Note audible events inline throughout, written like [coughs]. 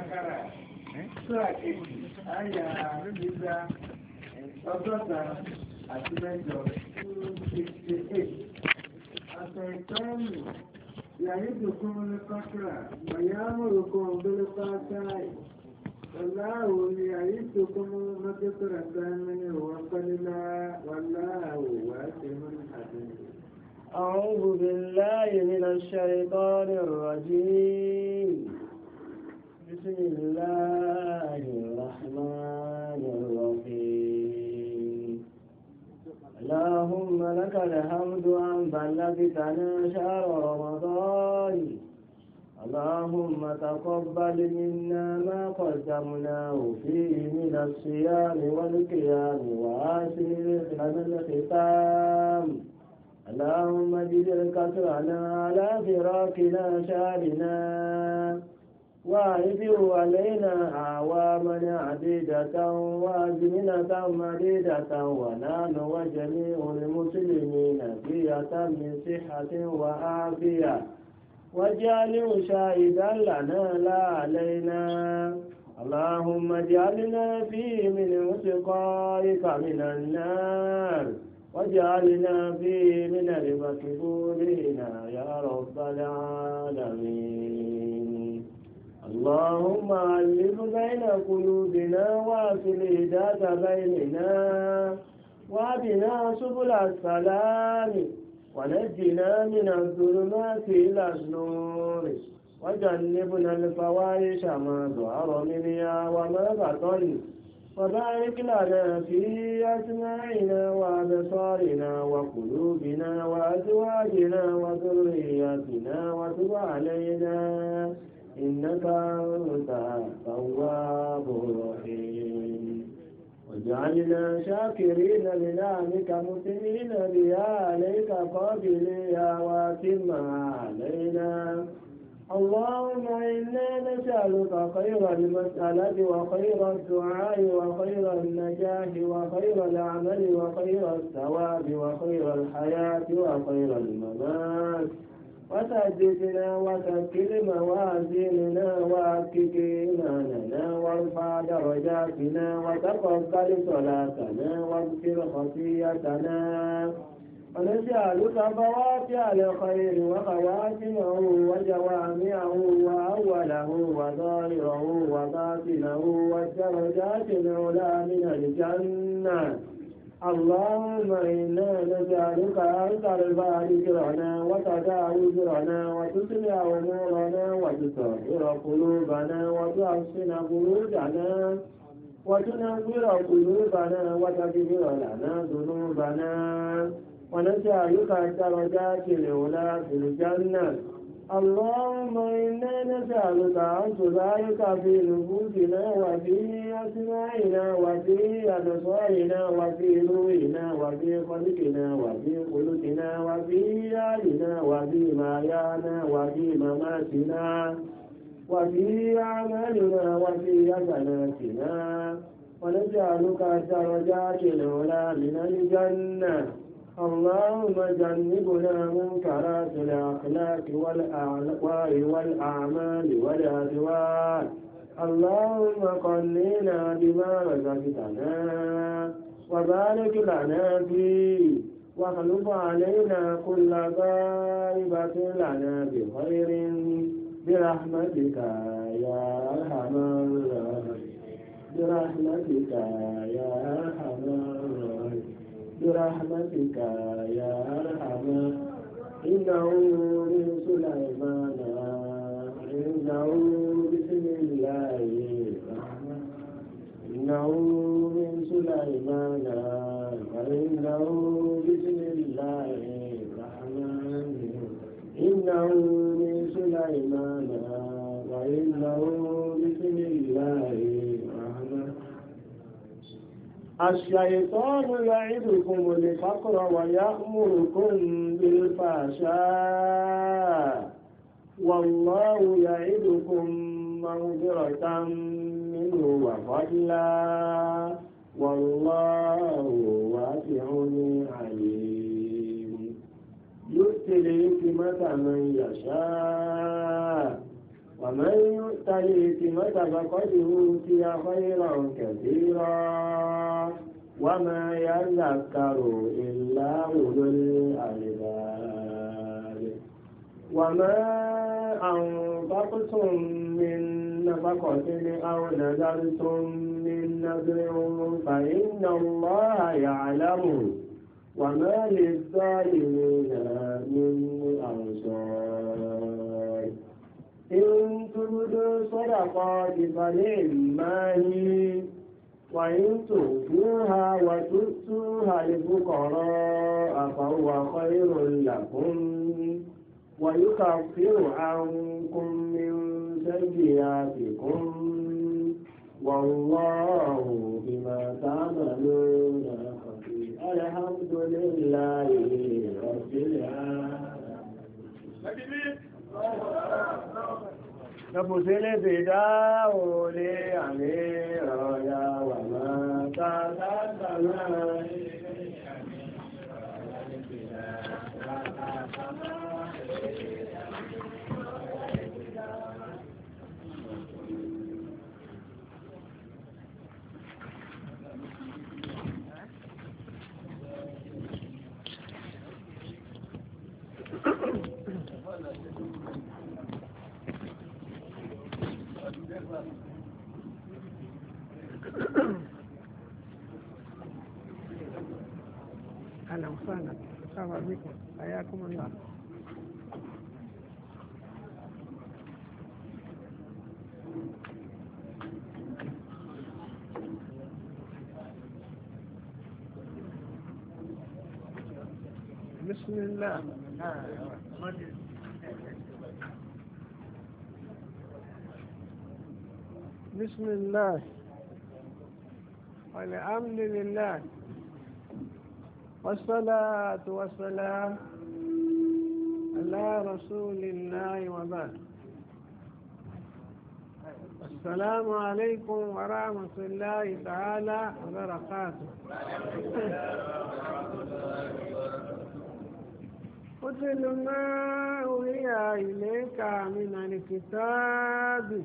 Bákàrà, Sọ́ra kejì, àyà nígbà ọgọ́ta àti mẹ́jọ two sixty eight. Àtẹ̀tẹ́ẹ̀mù yàrá kan ní Bákàrà, Màyámù kan bẹ́lẹ̀ Bákàrà. Wallahu ya'idukum maghfiratan minhu wa fadla wallahu wasi'un alim. أعوذ بالله من الشيطان الرجيم بسم الله الرحمن الرحيم اللهم لك الحمد أن بلغتنا شهر رمضان اللهم تقبل منا ما قدمناه فيه من الصيام والقيام وآسر لنا الختام اللهم اجعل كثرنا على فراقنا شارنا واهبه علينا أعوامنا عديدة وازمنة مديدة ونحن وجميع المسلمين فية من صحة وعافية واجعله شاهدا لَنَا لا علينا اللهم اجعلنا فيه من عتقائك من النار واجعلنا فيه من المكبولين يا رب العالمين اللهم علم بين قلوبنا واصل ذات بيننا وابنا سبل السلام ونجنا من الظلمات إلى النور وجنبنا الفواحش ما ظهر منها وما بطن وبارك لنا في أسماعنا وأبصارنا وقلوبنا وأزواجنا وذرياتنا وتب علينا إنك أنت التواب الرحيم وجعلنا شاكرين لنعمك مسلمين بها عليك قابليا واتمها علينا اللهم إنا نسألك خير المسألة وخير الدعاء وخير النجاح وخير العمل وخير الثواب وخير الحياة وخير الممات وسددنا وسكل موازيننا واكك إيماننا وارفع درجاتنا وتقبل صلاتنا واغفر خطيئتنا ونسألك فواتع الخير وخواتمه وجوامعه وأوله وظاهره وباطنه والدرجات العلى من الجنة اللهم إنا نجعلك أنت البار جرعنا وتداوي جرعنا وتسمع أمورنا وتطهر قلوبنا وتحسن فروجنا وتنور قلوبنا وتكبر لنا ذنوبنا ونجعلك درجات الأولى في الجنة اللهم إنا نسألك عن تبارك في نفوسنا وفي أسماعنا وفي أبصارنا وفي نورنا وفي خلقنا وفي خلقنا وفي آلنا وفي مايانا وفي مماتنا وفي أعمالنا وفي حسناتنا ونجعلك درجات العلى من الجنة اللهم جنبنا منكرات الأخلاق والأعمال والأدوار اللهم قلنا بما رزقتنا وبارك لنا فيه واخلف علينا كل غائبة لنا بخير برحمتك يا أرحم الراحمين برحمتك يا أرحم الراحمين برحمتك يا أرحم إنه من سليمان إنه بسم الله إنه من سليمان فإنه بسم الله الرحمن إنه الشيطان يعدكم الفقر ويأمركم بالفحشاء والله يعدكم مغفرة منه وفضلا والله واسع عليم يؤتي الحكمة من يشاء ومن يؤت الهتمة فقد أوتي خيرا كثيرا وما يذكر إلا أولو الألباب وما أنفقتم من نفقة أو نذرتم من نذر فإن الله يعلم وما للظالمين من أنصار إن تبدوا صدقات فنعماه وإن تؤتوها وتؤتوها الفقراء فهو خير لكم ويكفر عنكم من سيئاتكم والله بما تعملون خبير الحمد لله رب العالمين Lọ́pùsílẹ̀ ti dáwò lé àmì ọ̀yà wà máa tààtàlá أهلا وسهلا مرحبا بكم حياكم الله بسم الله بسم الله والحمد لله والصلاة والسلام على رسول الله وبعد السلام عليكم ورحمة الله تعالى وبركاته قتل ما أولي إليك من الكتاب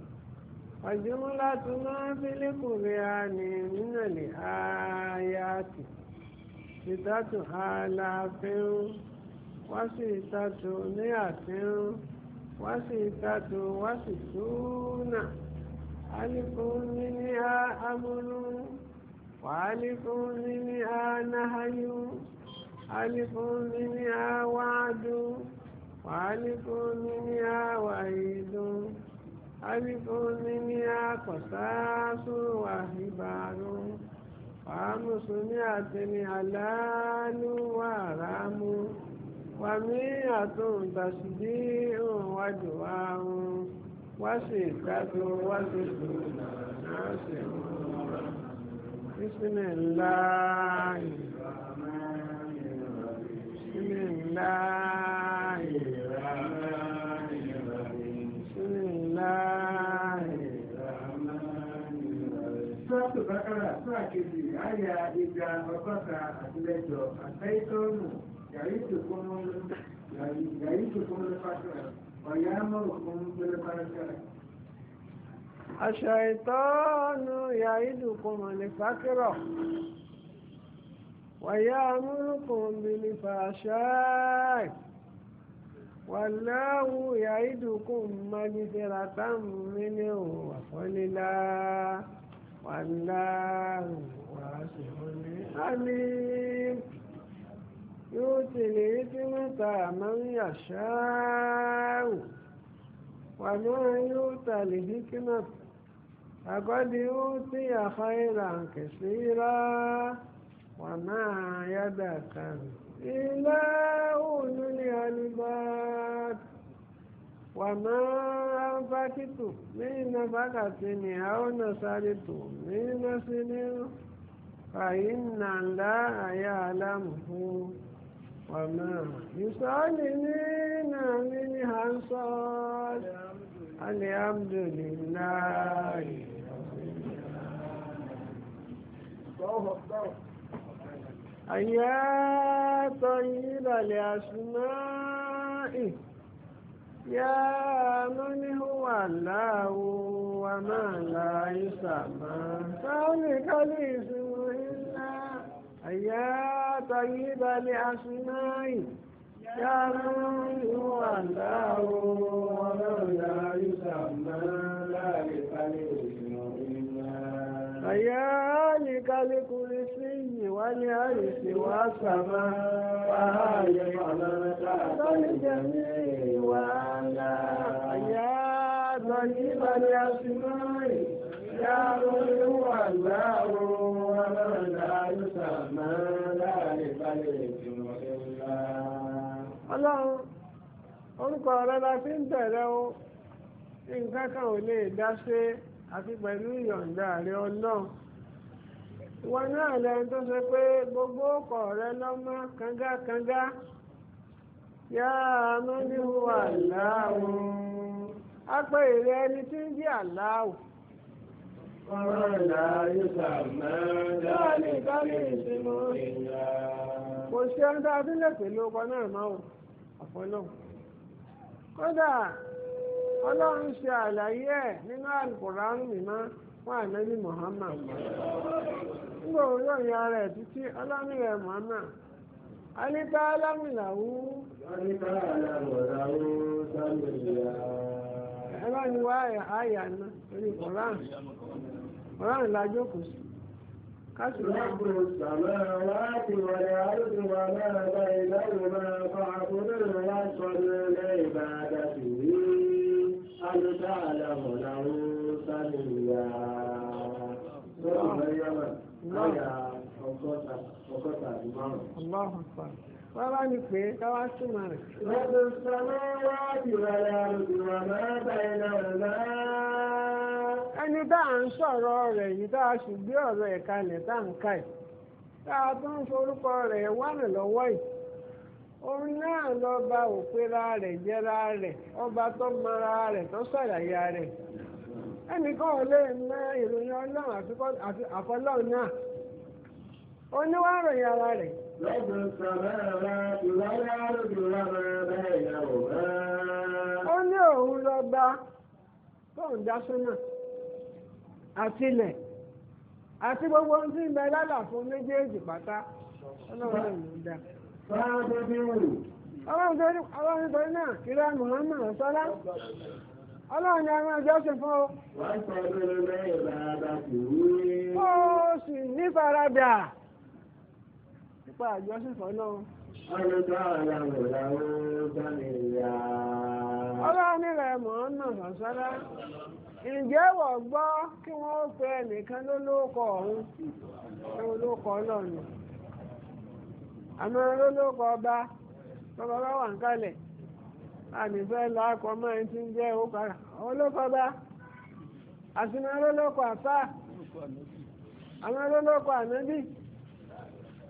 وجملة ما في القرآن من الآيات ستة آلاف وستة مئة وستة وستون ألف منها أمر وألف منها نهي ألف منها وعد وألف منها وعيد alifuni ní akọ̀sáàsù àhìbàánú wàámùsù ní àtẹni àlàánú wàràámú wàmí àtúntàṣìdí òun wájú wa òun wá sí ìtàdó wá sí ìtòlá náà sí òun Bismillah. Bismillah. kejì àyà ìgbà ọgọ́ta àtìlẹ́jọ àtẹ́tọ́nù yàrí ìtòkún lọ́pàá ọ̀yá mọ̀rùn fún lọ́pàá الشيطان يعدكم الفقر ويأمركم بالفحشاء والله يعدكم مغفرة منه وفضلا والله واسع عليم يؤتي الحكمة من يشاء وما يؤتى الحكمة فقد يؤتي خيرا كثيرا وما يذكر إلا أولو الألباب wàmọ́ bákítù nínú bákàtí ni àwọn sáré tó nínú sí ní fàyínà ńlá àyà aláàmù fún wàmọ́ ìsọ́ọ̀lì nínú mi ní à ń sọ alihamdulilayi. Àyà tọ́yìn ìbàlẹ̀ àṣùmáà. يا من هو الله وما لا يسمى ذلك الاسم إلا يا طيب الأسماء يا من هو الله وما لا يسمى ذلك الاسم ويالك لكرسي والعرش والسماء وهاي الجميع وعلى يا طيب الاسماء يا من هو ومن لا يسمى ذلك الاسم الا الله orúkọ rẹ la fi ń bẹ̀rẹ̀ o nǹkan kan ò lè dá ṣe àti pẹ̀lú ìyọ̀ǹda rẹ ọlọ́run wọn náà lẹ́yìn tó ṣe pé gbogbo ọkọ̀ rẹ lọ́mọ kángákángá yá mọ́níhù aláwò á pé ìrẹ́ ẹni tí ń jí ìsinmi Kò ṣe ń ọkọ̀ náà máa ọlọ́run ṣe àlàyé ẹ̀ nínú àlùkòránù mímọ́ fún ànábì Muhammad nígbà òwúrọ̀ yẹn ara títí ọlọ́run rẹ̀ Muhammad alíta alámìláwú ẹ̀rọ ni wá àyà náà orí kòránù kòránù la sí رب السماوات والأرض أجداله له سبيلا سورة مريم آية الله أكبر Bàbá ni pé káwá túmọ̀ rẹ̀. Lọ́dún sọ́mọ́ wá ìrọ̀lẹ́ àrùbíwọ̀ máa bẹ̀rẹ̀ náà náà. Ẹni tá à ń sọ̀rọ̀ rẹ̀ yìí tá a sì gbé ọ̀rọ̀ ẹ̀ kalẹ̀ tá à ń ká ẹ̀. Tá a tún forúkọ rẹ̀ wà lọ́wọ́ yìí. òun náà bá òpera rẹ̀ jẹ́ra rẹ̀ ọba tó mara rẹ̀ tó ṣàlàyé rẹ̀ ẹnìkan lè mọ ìròyìn ọlọ́run àfọlọ́run náà oníwàròyìn ara rẹ̀. lọ́dún sàmẹ́rẹ́ ìwáyà lójú lábẹ́rẹ́ ìyàwó rẹ̀. ó ní òun lọ́ba tóun àti gbogbo ohun tí ń bẹ lálàfo méjèèjì pátá ọlọ́run dá. Ọlọ́run tó ní náà kí náà sọ́lá. Ọlọ́run ni a máa jọ́sìn fún Wọ́n Ó sì ní fún Ọlọ́run sọ́lá. wọ̀ gbọ́ kí wọ́n fẹ́ nìkan lólókọ̀ ọ̀run? àmọ́ olóko ọba bàbá wà ń kalẹ̀ ànífẹ́ làákọ̀ mọ́ ẹni tí ń jẹ́ òkàrà ọba àsìmọ́ olóko àfà àmọ́ olóko ànábì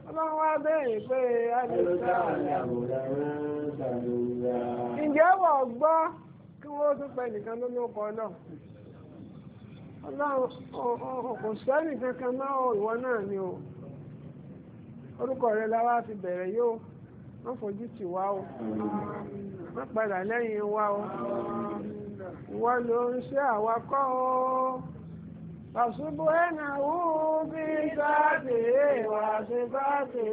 ọlọ́run wá bẹ́ẹ̀ pé ànífẹ́ wọ̀ gbọ́ kí wọ́n tún nìkan ọlọ́run sẹ́nì kankan náà ìwọ náà ni orúkọ rẹ la wá fi bẹ̀rẹ̀ yóò wọ́n fojú tì wá o wọ́n padà lẹ́yìn wá o ìwọ ló ń ṣe àwakọ́ o pàṣípò ẹ̀nà wú bí sáàtì wà sí sáàtì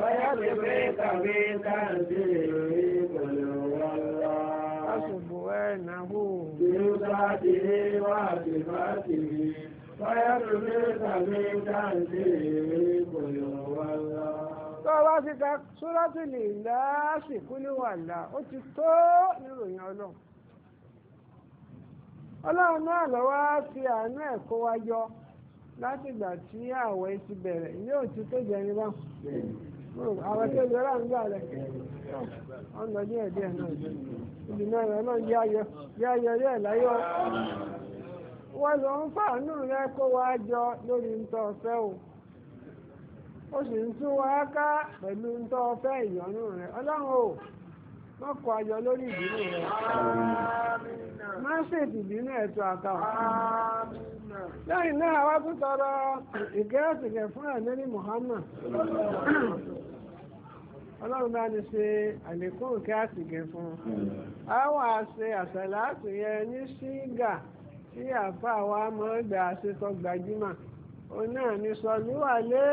báyà ti pé tàbí káàdì ìpẹ̀lẹ̀ wà lọ. pàṣípò ẹ̀nà wú bí sáàtì wà sí sáàtì. Tọ́wọ́ ti ka Súrọ́tù lè lásìkú níwàlá, ó ti tó níròyìn ọlọ́run. Ọlọ́run náà lọ́wọ́ fi àánú ẹ̀kọ́ wa yọ láti ìgbà tí àwẹ̀ ti bẹ̀rẹ̀, yóò ti tó jẹni bá. Àwọn tó lè rà ń wọ́n lọ ń fàánù rẹ kó wá jọ lórí ntọ́ ọ̀fẹ́ o ó sì ń tún wá ká pẹ̀lú ntọ́ ọ̀fẹ́ ìyọ́nú rẹ ọlọ́run o wọ́n kọ ayọ̀ lórí ìbínú rẹ ìbínú ẹ̀tọ́ lẹ́yìn náà wá tún tọrọ fún Muhammad ọlọ́run bá ní ṣe àlékún fún àwọn àṣẹ tí àfa wa máa gbà àṣetọ́ gbajúmọ̀ òun náà ní sọlú lé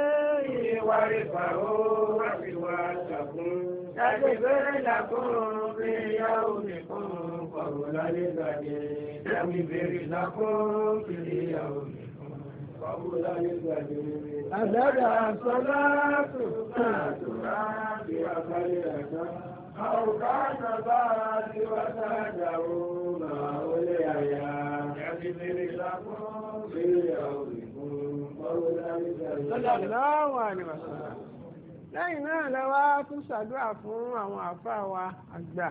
ìwà rìpà ó wá sí wa ṣàkún. Ṣáàjì bẹ́rẹ̀ làkún fi yáwó nìkan kọ̀rọ̀ lálé gbàdé. Ṣáàjì bẹ́rẹ̀ làkún fi yáwó nìkan kọ̀rọ̀ lálé sọlá tó tó rà bí àkàlẹ̀ àjọ. أوكان بعد وتجرون أولياء يعتبر لكم lẹ́yìn náà lọ́wọ́ tún ṣàdúrà fún àwọn àfáà wa àgbà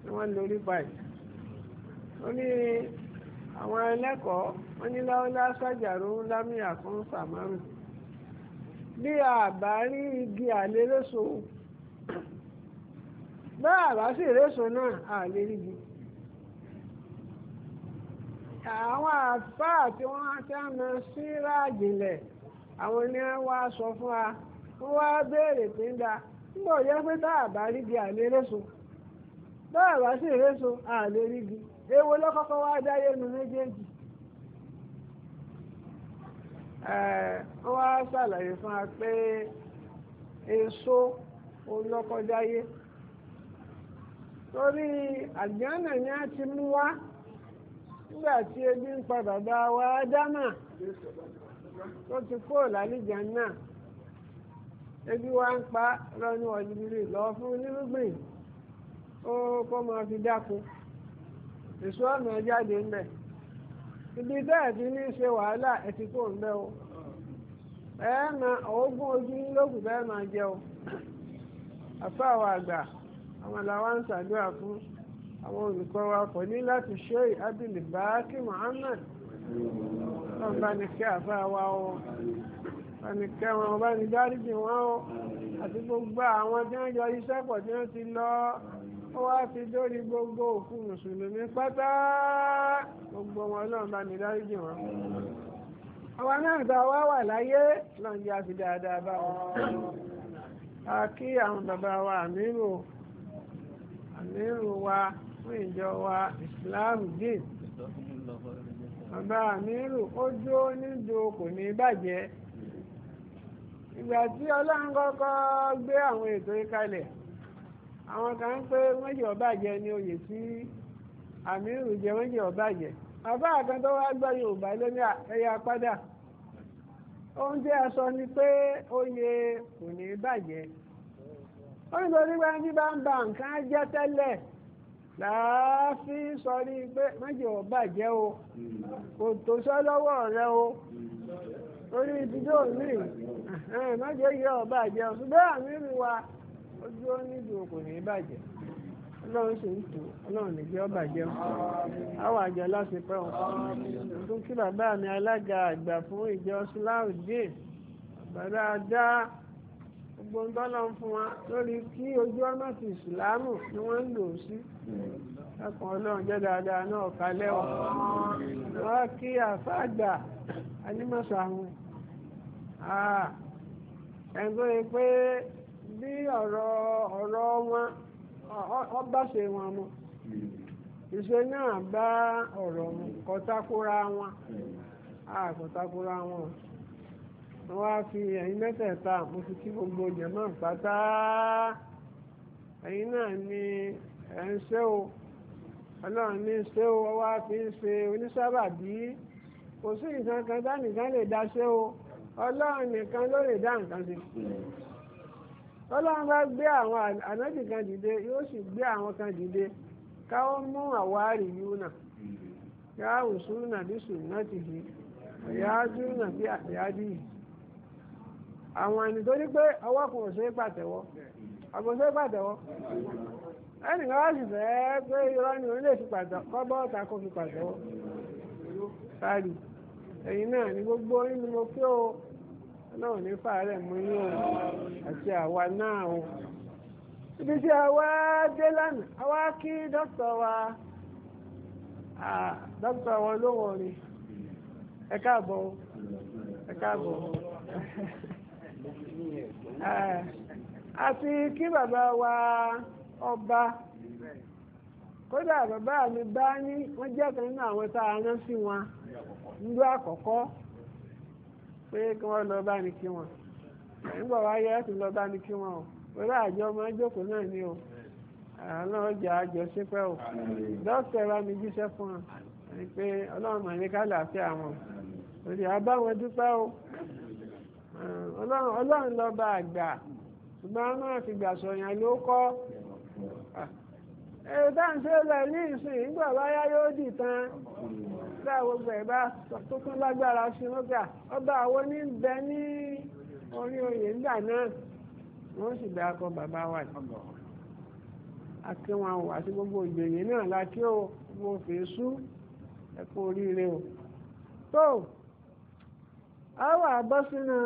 tí wọ́n lórí báyìí ó ní àwọn ẹlẹ́kọ̀ọ́ wọ́n ní láwọ́lá ṣàjàrò lámìyà fún sàmárù bí àbá rí igi àlélóṣòwò bẹ́ẹ̀ bá sì náà a lè rí àwọn àfáà ti mọ síra àwọn ni sọ fún wa wọ́n wá béèrè pé ń da nígbà pé bá rí bi a lè réṣò bá sì a lè rí bi èwo wá dáyé nu méjèèjì wọ́n á ṣàlàyé fún wa pé èso olókọ́jáyé. torí àjánà ni a ti mú wá ebi ń pa bàbá wa tó ti kó làlìjà náà ebi wa ń pa lọ́nu ọ̀dìbìrì lọ fún nírúgbìn ó kọ́ máa fi dákun èso jáde ń bẹ̀ ibi bẹ́ẹ̀ ní ṣe wàhálà ẹ̀tí kò ń bẹ́ o ẹ̀ẹ́ máa ojú àwọn làwa ń ṣàdúrà fún àwọn olùkọ́ wa kò ní láti ṣe abdul baaki muhammad wọn bá ní kí àfa wa o wọn ní kí wọn bá ní dáríjì wọn o àti gbogbo àwọn tí wọn jọ iṣẹ́ pọ̀ tí wọn ti lọ ó wá fi dórí gbogbo òkú mùsùlùmí pátá gbogbo wọn ọlọ́run bá ní dáríjì wọn àwọn náà gba wá wà láyé lọ́njẹ́ àfi dáadáa bá wọn. a kí àwọn bàbá wa àmírò Amiru wa fún ìjọ wa Islam dín bàbá àmírù ó jó níjó kò ní bàjẹ́ ìgbà tí ọlọ́run kọ́kọ́ gbé àwọn ètò ìkalẹ̀ àwọn kan ń pé ni oyè tí àmírù je wọ́n ọbaje. ọ̀bàjẹ́ bàbá kan tó wá gbọ́ Yorùbá ẹ̀yà padà ni pé oyè kò ní ó ní torí pé ẹni bá ń ba nǹkan jẹ́ tẹ́lẹ̀ láàfin sọrí pé méjì ò bàjẹ́ o kò tó sọ lọ́wọ́ rẹ o torí ibùdó mi méjì yẹ ò bàjẹ́ o ṣùgbọ́n àmì rí wa ojú ó ní ìdùn kò ní bàjẹ́ ọlọ́run sì ń tù ọlọ́run ní jẹ́ ọbàjẹ́ àwọn àjọ láti pẹ́ wọn tún kí bàbá mi alága àgbà fún ìjọ sláwùdíè bàbá dá gbogbo ń fún wa lórí kí ojú ọmọ ti ìsìláàmù ni wọ́n ń lò sí ẹkùn ọlọ́run jẹ́ dáadáa náà kalẹ́ ọ̀ wọ́n kí àfáàgbà anímọ̀sà ẹ̀gbọ́n pé bí ọ̀rọ̀ ọrọ wọn ọba wọn náà bá ọ̀rọ̀ wọn kọtakura wọn. wọ́n á fi ẹ̀yìn mẹ́tẹ̀ẹ̀ta àmúṣu kí gbogbo jẹ̀mọ́ pátá ẹ̀yìn náà ni ẹ̀ ń ṣe o ọlọ́run ní ṣe o fi ń ṣe onísábàbí kò sí nǹkan kan dánìkan lè dá ṣe o ọlọ́run nìkan ló lè dá nǹkan ọlọ́run bá gbé àwọn ànájì kan dìde yóò sì gbé àwọn kan dìde mú àwárí yáà wùsùn náà bí sùn náà ti di náà bí àtẹ̀yájú yìí. àwọn ẹni tó ní pé ọwọ́ kan ò ṣeé pàtẹ́wọ́ ọ̀pọ̀ ṣeé pàtẹ́wọ́ ẹnì kan wá sì fẹ́ pé irọ́ ni òun lè fi pàtẹ́wọ́ kọ́ bọ́ọ̀ta kó fi pàtẹ́wọ́ sáàrì ẹ̀yin náà ni gbogbo nínú mo pé o náà ní fàárẹ̀ mú yín o àti àwa náà o ibi tí àwa dé lánàá àwa kí dókítà wa dókítà wa olówó ni ẹ káàbọ̀ ẹ káàbọ̀. Eh, àti kí bàbá wa ọba kódà bàbá mi bá ní wọ́n jẹ́ nínú àwọn tá a rán sí wọn nílò àkọ́kọ́ pé kí wọ́n lọ bá ní kí wọn nígbà wáyé ẹ̀sìn lọ bá ní kí wọn o pẹ̀lú àjọ ọmọ ẹjọ́kọ̀ náà o ọjà àjọ sípẹ́ o dókítà mi jíṣẹ́ fún pé ọlọ́run mọ̀ ní àbáwọn dúpẹ́ o. ọlọ́run ọlọ́run lọ́ba àgbà ṣùgbọ́n a máa fi gbà sọ̀yàn ló kọ́ ah. èrò tá à ń ṣe ní ìsìn ìgbà báyá yóò dì tán dá gbogbo ẹ̀ bá tó tún lágbára sí lọ́gà ọba àwọn ní bẹ ní orí oyè ńgbà náà wọ́n sì dá kọ́ bàbá wà ní akéwọn àwọ̀ àti gbogbo ìgbèyè náà láti ó gbogbo fèésù ẹ̀kọ́ oríire o tó àwọn àbọ́sínú.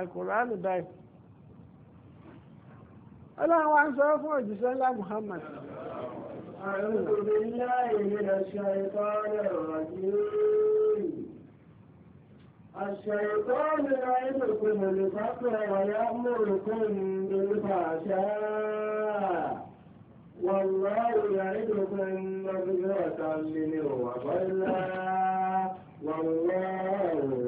القرآن báyìí الله wa ń sọ fún أعوذ بالله من الشيطان الرجيم الشيطان يعيدكم الفقر ويأمركم بالفحشاء والله يعيدكم مغفرة منه وظلا والله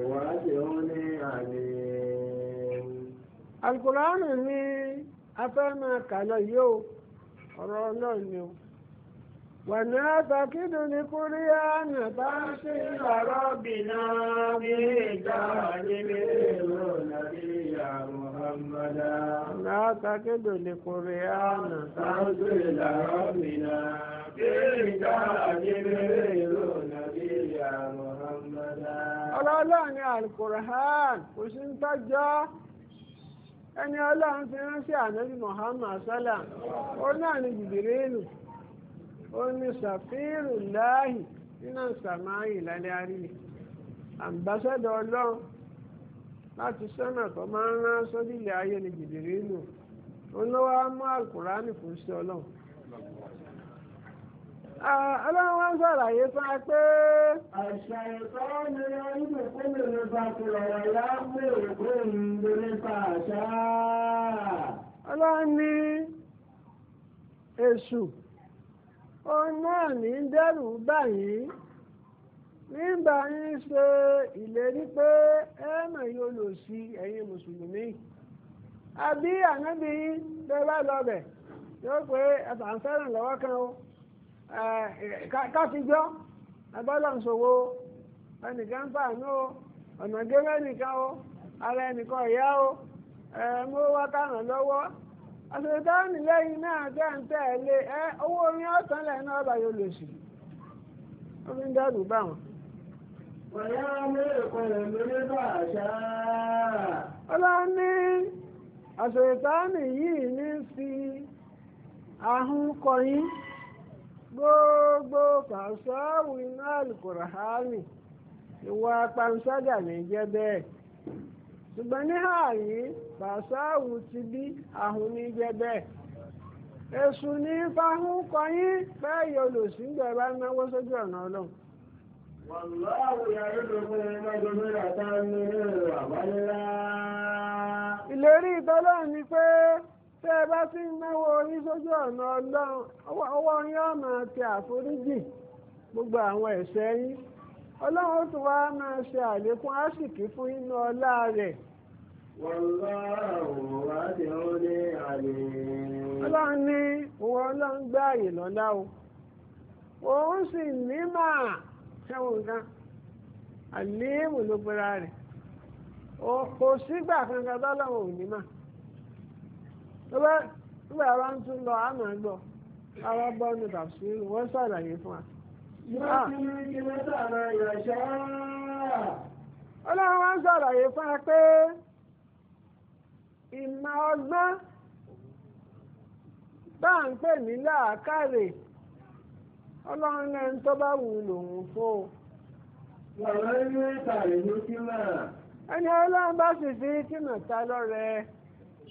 alukóraánù ní afẹ́mọ̀ kàlọ́ yìí o ọ̀rọ̀ náà ni o wà ní àtàkìdù ní kúríyá nà bá ń ṣe ìlàrọ̀ bìnà bí ìjà nílé èrò nàìjíríà muhammadu. ní àtàkìdù ní kúríyá nà bá ń ṣe ìlàrọ̀ bìnà bí ìjà nílé èrò nàìjíríà muhammadu. ọlọ́lọ́ ni alukóraánù kò sí ń tọ́jọ́. ẹni ọlọ́run fi ránṣẹ́ ànábì Muhammad sallam ó náà ní jìbìrìlù ó ní sàfíìrù láàyè nínú sàmáyì lálẹ́ àríyè àǹbáṣẹ́dọ̀ ọlọ́run láti sọ́nà tó máa ń rán sódìlẹ̀ ayé ní jìbìrìlù ó lọ́wọ́ á mú àlùkùránì fún sí ọlọ́run. Ọlọ́run wá ń sàlàyé fún wa pé. Àṣà ìfẹ́ ni orílẹ̀ ìpínlẹ̀ mi ní èṣù, òun ní pé ẹ̀mọ̀ yóò lò sí ẹ̀yin Mùsùlùmí. Àbí ànábì o. Eh, káfíjọ́ agbọ́lọ́sowó ẹnìkan ń fàánú o ọ̀nà gẹ́gẹ́ nìkan o ara ẹnìkan ìyá o ẹ̀ẹ́mú wá kàràn lọ́wọ́ àṣetánì lẹ́yìn náà tẹ́ ń tẹ̀lé ẹ owó orin ọ̀sán ọba yóò lò sí ó fi ń dẹ́rù bá wọn. ọlọ́run ní àṣetánì yìí ní ahun gbogbo pàṣẹwù iná alukurahani ìwà panṣágà ní jẹ́ bẹ́ẹ̀ ṣùgbọ́n ní ààyè pàṣẹwù ti bí àhùn ní jẹ́ bẹ́ẹ̀ èṣù ní fáhùn kọyín pẹ́ yọlò sígbẹ̀ bá náwó sójú ọ̀nà ọlọ́run. ìlérí ìtọ́lọ́run ni pé. tẹ́ ẹ bá ti náwó orí sójú ọ̀nà ọlọ́run ọwọ́ yín ọ̀nà àti gbogbo àwọn ẹ̀ṣẹ̀ yín ọlọ́run tó máa ṣe àlékún àṣìkí fún inú ọlá rẹ̀. ọlọ́run ní òun ọlọ́run gbé àyè lọ́lá o òun sì ní máa ṣẹ́wọ̀n nǹkan àléébù ló pera rẹ̀ kò sígbà kankan tọ́lọ́run ò ní máa. nígbà wa ń tún lọ àmọ́ gbọ́ àwọn gbọ́ ní tàbí wọ́n ṣàlàyé fún wa. ọlọ́run wá ń fún wa pé ìmọ̀ ọgbọ́n bá ń pè ní làákàrè ọlọ́run lẹ́nu tó bá wù lòun fún o. ẹni ọlọ́run bá sì fi kìnnà ta lọ́rẹ̀ẹ́.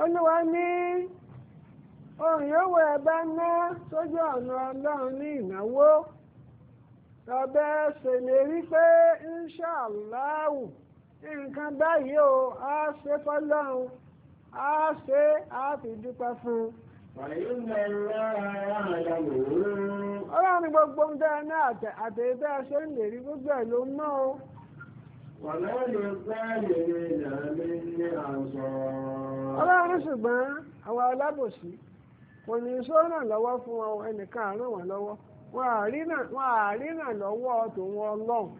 Olúwa ní ohun yòówù ẹ bá ná sójú ọ̀nà Ọlọ́run ní ìnáwó ọbẹ̀ ṣèlérí pé inṣàláwù nǹkan báyìí o á ṣe fọ́lọ́run á ṣe á fi dúpẹ́ fún un. Ọlọ́run gbogbo ń dẹ́ náà àtẹ̀yẹ́tẹ́ ṣe ń lè rí gbogbo ẹ̀ ló mọ́ o. Ọlọ́run ṣùgbọ́n àwọn alábòsí kò ní sọ́nà lọ́wọ́ fún ẹnìkan lọ́wọ́ wọn lọ́wọ́ tòun ọlọ́run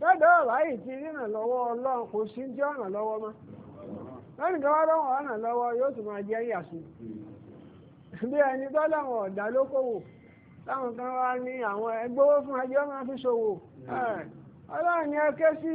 ọ̀rọ̀ ayé ti rínà lọ́wọ́ ọlọ́run kò sí jẹ́ ọ̀nà lọ́wọ́ mọ́ wá lọ́wọ́ ọ̀nà lọ́wọ́ yóò tún máa jẹ́ bí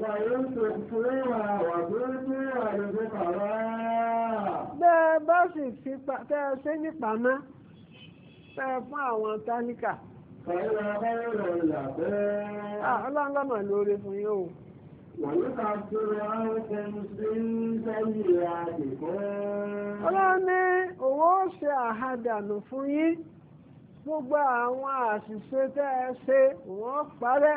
وإن تخفوها وتؤتوها الفقراء bẹ́ẹ̀ bá sì fi tẹ́ ẹ ṣe nípamọ́ fún àwọn táníkà. Kọ̀ọ̀lá ah, bẹ́ẹ̀rẹ̀ ìyàbẹ́. Ọlọ́run lọ́mọ lóore fún yín o. Ọlọ́run ní òun ó ṣe àhádànù fún yín. Gbogbo àwọn àṣìṣe tẹ́ ẹ ṣe, òun parẹ́.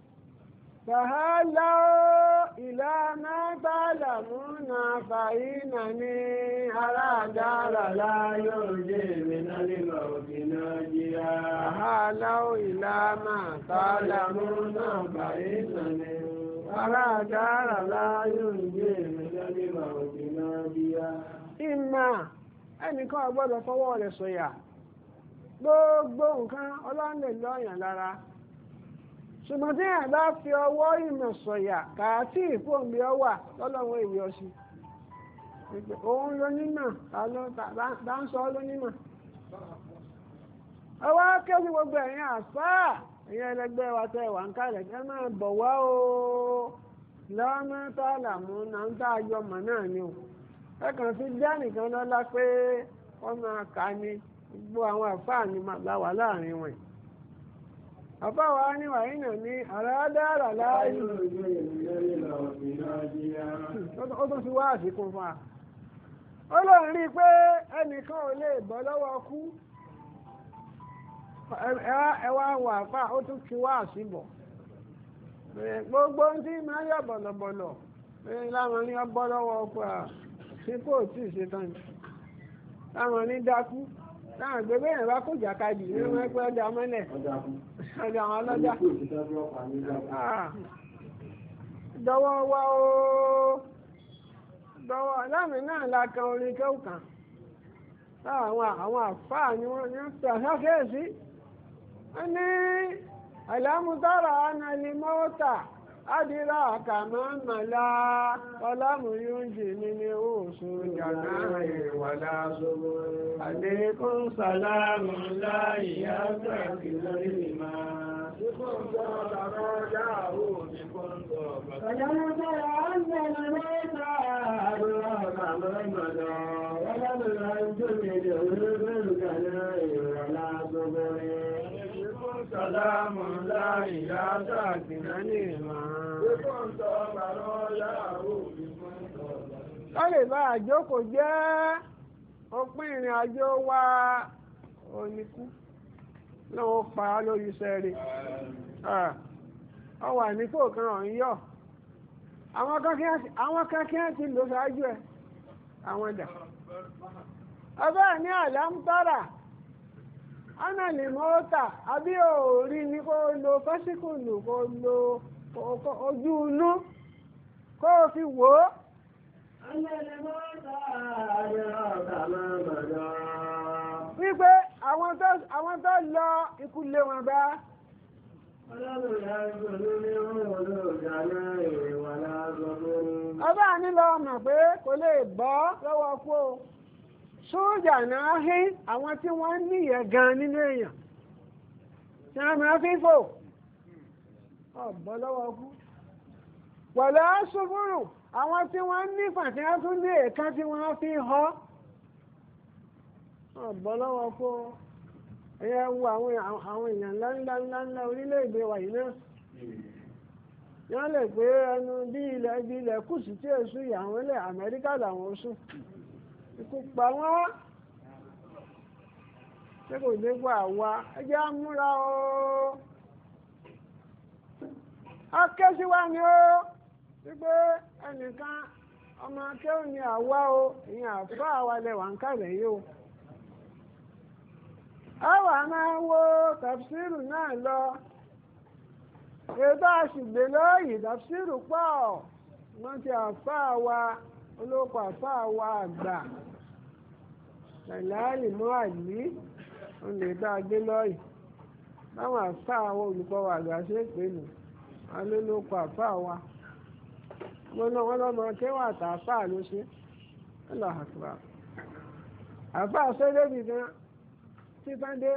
تهلوا إلى ما تعلمون فإنني على دار لا يرجي من الموت ناجيا تهلوا إلى ما تعلمون فإنني على دار لا يرجي من الموت ناجيا إما ẹnìkan ọgbọ́dọ̀ fọwọ́ rẹ̀ sọ̀yà gbogbo nǹkan ọlọ́run lè lọ́yàn lára ṣùgbọ́n tí yàn bá fi ọwọ́ ìmọ̀ sọ̀yà kàátì ìfòǹbí ọwà lọ́lọ́wọ́ òun lónímọ̀ bá ń sọ ọ́ lónímọ̀ ọwọ́ kéwì gbogbo ẹ̀yìn àfáà ẹ̀yìn ẹlẹgbẹ́ wa tẹ́ wà ń kálẹ̀ ẹ máa bọ̀ wá o tààlà mú náà ń náà ni o ẹ kàn fi dá nìkan lọ́lá pé wọ́n máa kà ní gbogbo àwọn àfáà wà láàrin wọn àbáwá ní wà ní àràádára láàyè ó tún fi wá àsìkò fún wa ó rí pé ẹnìkan ò lè bọ́ lọ́wọ́ kú ẹwà wà pa ó tún kí wá gbogbo tí máa bọ̀lọ̀bọ̀lọ̀ láwọn ní ọbọ̀ lọ́wọ́ ọkọ̀ sí kò ẹ̀rì àwọn ọlọ́jà dọwọ́ wá ó dọwọ́ láàmì náà la kan orin kẹ́ùkà àwọn àwọn àfáà ni wọ́n ní ṣàṣàkẹ́ẹ̀sí wọ́n ní àlámútọ́rọ̀ ọ̀nà lè mọ́ta adìrà kàmọ́ mọ̀lá ọlọ́mù yóò jì mí ní oṣù jàná ìwàlá ṣogbo àdékún sàlámù láìyá gbàgbé lórí ìmá Ọjọ́ ìrọ̀lá gbogbo rẹ̀. sàlámù láì jẹ́ òpin ìrìn àjò wa oníkú lọ́wọ́ pa lórí Ọ wà ní kò kan ọ̀hún yọ̀. Àwọn kankan ti lò ṣáájú ẹ̀. Àwọn Ọbẹ̀ ní àlámútárà. ọ̀nà le mọ́ta àbí òòrí ni kó lo fásíkùlù kó lo ojú inú kó o fi wò ó. ọ̀nà lè mọ́ta àyà ọ̀tà máa bàjọ́. wípé àwọn tó lọ ikú wọn bá. ọba nílò ọmọ pé kò lè bọ́ lọ́wọ́ kú o. sójà náà hé àwọn tí wọ́n ní níyẹ̀ gan nínú èèyàn tí wọ́n máa fífò ọ̀bọ lọ́wọ́ kú pẹ̀lú ṣubúrù àwọn tí wọ́n ní tí tún ní èèkan tí wọ́n fi họ ọ̀bọ lọ́wọ́ kú ẹ̀yẹ wo àwọn èèyàn ńláńlá orílẹ̀-èdè wa yìí náà yọ́n lè pé ẹnu bí ilẹ̀ kùsù tí èṣù yà wọ́n lẹ̀ Amẹ́ríkà làwọn oṣù. kò pa wọ́n ṣé kò lè wà wá ẹjẹ́ á múra o ọkẹ́ sí wa ni ó wípé ẹnìkan ọmọ akẹ́wò ni àwa o ìyẹn àfọ́ àwa lẹ́wà ń kàlẹ̀ yìí o àwa máa wo tàfsírù náà lọ ètò àṣìgbè lọ́yìn tàfsírù pọ̀ wọ́n ti àfọ́ àwa olóko àfọ́ àwa àgbà. làlàálì mọ́ àlí òun lè bá a báwọn àwọn olùkọ́ wa àgbà ṣe é pè nù alólókọ àfa wa gbọ́nà wọn lọ́mọ kéwà tà àfa ló ṣe ẹlọ àkùrà àfa sọ́dẹ́bì gan títàndé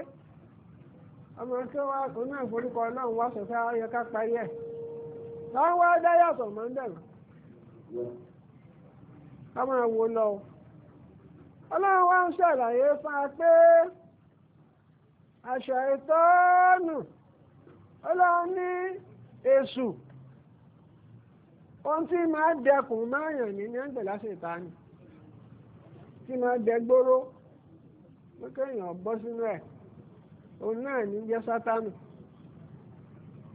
ọmọ kéwà òun náà forúkọ náà wá sọ̀tà ayọ̀ ká parí ẹ̀ táwọn wá dá yàtọ̀ mọ́ ń wo ọlọ́run wá ń ṣàlàyé fún wa pé àṣà ìtọ́nù ọlọ́run ní èṣù ohun tí máa dẹkùn máa yàn ní ní ẹgbẹ̀ láṣẹ ìtaní tí máa dẹgbóró pé kéèyàn bọ́ sínú ẹ̀ òun náà ní jẹ́ sátánù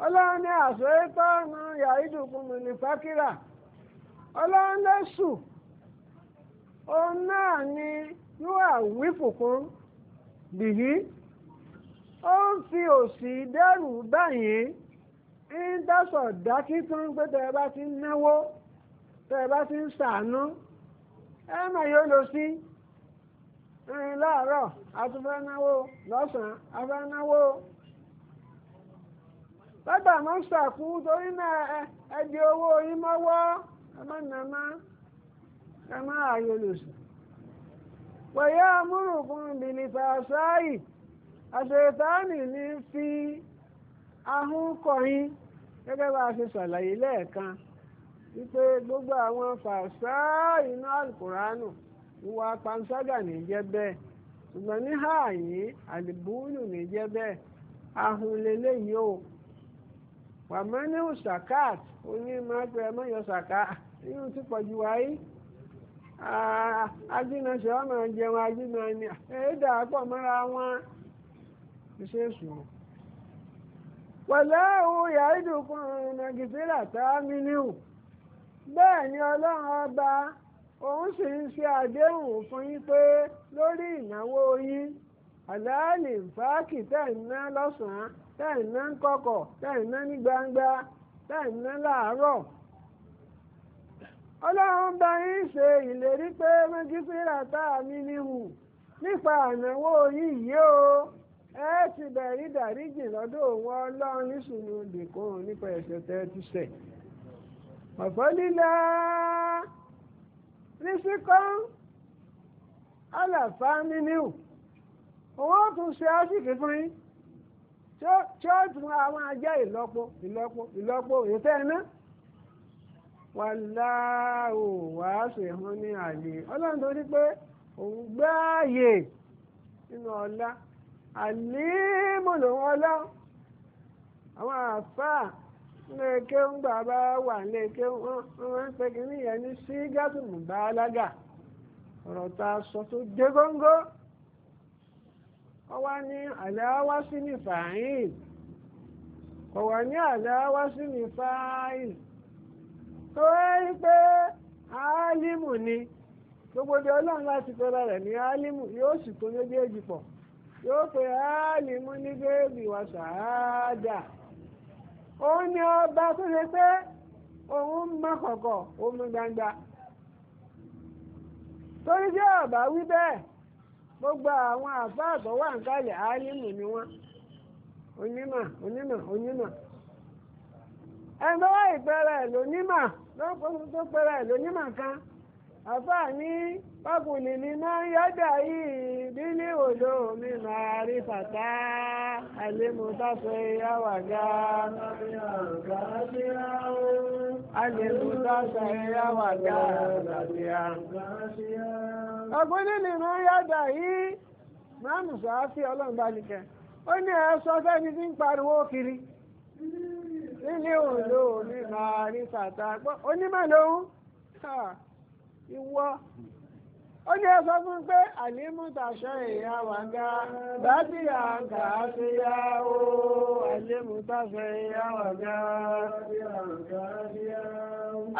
ọlọ́run ní àṣọ ìtọ́nù yàrá ìdùnkùn mi ní fákírà ọlọ́run lẹ́sùn. òun náà ni yóò àwífùkún bìyí ó ń fi òsì dẹ́rù báyìí ń dásọ̀ dákí tún pé tẹ́ ẹ bá ti ń náwó tẹ́ ẹ bá ti ń ṣàánú ẹ mà yóò lọ sí láàárọ̀ àtúfẹ́ náwó lọ́sàn-án afẹ́ owó yín mọ́wọ́ ẹ má ẹ má ààyè lòsì pẹ̀yà múrùkún bìlìfà sáàyì àṣetánì ní fi ahun kọyín gẹ́gẹ́ bá a ṣe ṣàlàyé lẹ́ẹ̀kan wípé gbogbo àwọn fàṣáà inú alukóránù ìwà panṣágà ní jẹ́ bẹ́ẹ̀ ṣùgbọ́n ní ààyè àlìbúlù ní jẹ́ bẹ́ẹ̀ ahun lélẹ́yìí o wàmọ́ ní ṣàkáàt oní máa pẹ́ ẹ mọ́ yọ ṣàkáà nínú tí pọ̀jù wáyé. Ah, ajínàṣẹ́ ọmọ jẹun ajínà ni ẹ̀ẹ́dà pọ̀ mọ́ra wọn ṣe sùn pẹ̀lẹ́ òun yàídùkún nàìjíríà tààmì níhù bẹ́ẹ̀ ni ọlọ́run ọba òun sì ń ṣe àdéhùn fún yín pé lórí ìnáwó yín àlàálì fàákì tẹ̀ẹ̀ná lọ́sàn-án tẹ̀ẹ̀ná ń kọ̀kọ̀ tẹ̀ẹ̀ná ní gbangba tẹ̀ẹ̀ná láàárọ̀ ọlọ́run bá yín ṣe ìlérí pé mẹ́gísírà tá a mi níhù nípa ànáwó yín yìí o ẹ ti bẹ̀rí dáríjì lọ́dọ̀ òun ọlọ́run nísùnú dèkóhùn nípa ẹ̀ṣẹ̀ tẹ́ ti ṣẹ̀. ọ̀fọ́ líla rísíkọ́ àlàfà mi níhù òun ó tún ṣe ásìkì fún yín tí ó tún àwọn ajá ìlọ́po ìlọ́po ìlọ́po ètò náà. wàláhù wàásùhún ní àlè ọlọ́run tó ní pé òun gbáàyè nínú ọlá àlímù lòun ọlá àwọn àfáà nínú eke ń gbà bá wà nílé eke ń pè kí nìyẹn ní sí gátùmù bá alága ọ̀rọ̀ sọ tó dé tó rí pé áálímù ni gbogbodò ọlọ́run láti pẹ́ra rẹ̀ ní áálímù yóò sì tó méjèèjì pọ̀ yóò pe áálímù ní bẹ́ẹ̀bì wà sàájà òun ni ọba tó ṣe pé òun gbangba torí wí bẹ́ẹ̀ gbogbo àwọn àfáà wà ń kalẹ̀ áálímù ni wọ́n onímọ̀ onímọ̀ ẹgbẹ́ ìpẹrẹ lónímà lọ́pọ̀lọpọ̀ tó pẹrẹ lónímà kan àfà ní pákùnlé ní máa ń yìí bí ní òjò mi máa rí fàtà àlèmùtàfẹ́ yáwàgá àlèmùtàfẹ́ yáwàgá àgbàdìyà. ọ̀gbọ́n ní máa ń yìí máa mùsàáfì ọlọ́run ó ní ẹ sọ fẹ́ni tí ń pariwo kiri. ilé òòlò mi máa rí fàtà gbọ́ onímọ̀ lòun ìwọ ó ní ẹ sọ fún pé àlímútàṣọ ìyá wàgá bàbí àǹkà ti yá o àlímútàṣọ ìyá wàgá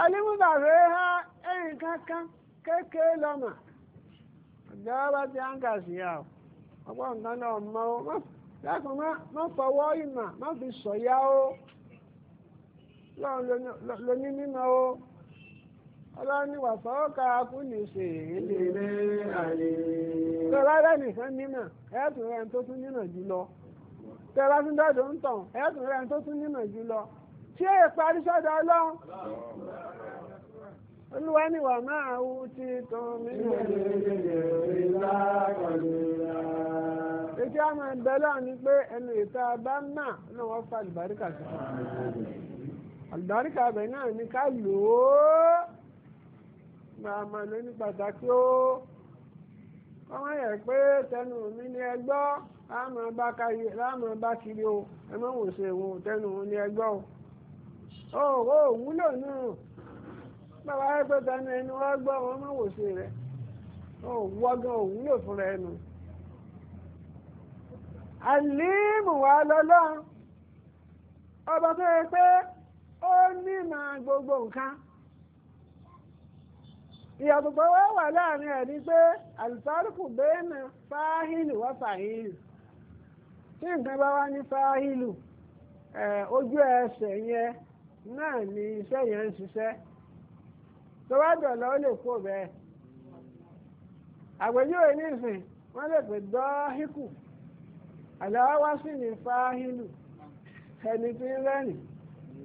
àlímútàṣọ ìyá ẹ̀yìn kankan kékeré lọ́mà ọ̀gá bàbí àǹkà sí yá o ọgbọ́n nǹkan náà mọ́ o lákùnrin má fọwọ́ ìmà má fi sọ̀yá o lóní mímọ́ o ọlọ́ni wà fọ́ọ́kà fúnni ṣe èlé àlè. tọ́lá lẹ́nìkan nímọ̀ ẹ̀ẹ́dùn rẹ̀ tó tún nímọ̀ jù lọ tọ́lá tún dọ́dọ̀ ń rẹ̀ tó tún nímọ̀ ọlọ́run olúwa ni wà máa wú tí tán mímọ̀ ètí àmọ̀ ìbẹ́lẹ̀ ni pé ẹnu ìta bá ń nà náà wọ́n fa àlùbáríkà àlùbáríkà abẹ náà ni ká lò ó máa máa lọ ní pàtàkì ó kọ́mọ yẹ pé tẹnu mi ni ẹ gbọ́ láàmú bá kiri o ẹ mọ̀ wò ṣe wò tẹnu mi ni ẹ gbọ́ o ò wúlò náà bàbá yẹ pé tẹnu ẹni wọ́n gbọ́ wọn mọ̀ wò ṣe rẹ̀ o wọ́gán ò wúlò fúnra ẹnu. àlímù wa lọ́lọ́run ọba tó yẹ pé. ó ní ma gbogbo nǹkan ìyàtọ̀ wá wà láàrin ẹ̀rí pé àlùfáàrùkù bẹ́ẹ̀nà fáhìlù wá fàhìlù tí nǹkan bá wá ní fáhìlù ojú ẹsẹ̀ yẹn náà ni iṣẹ́ yẹn ń ṣiṣẹ́ tó wá dọ̀lọ́ ó lè kó bẹ́ẹ̀ àgbẹ̀yẹ̀wò nísìn wọ́n lè pè dọ́ọ́híkù sí fáhìlù ẹni tí ń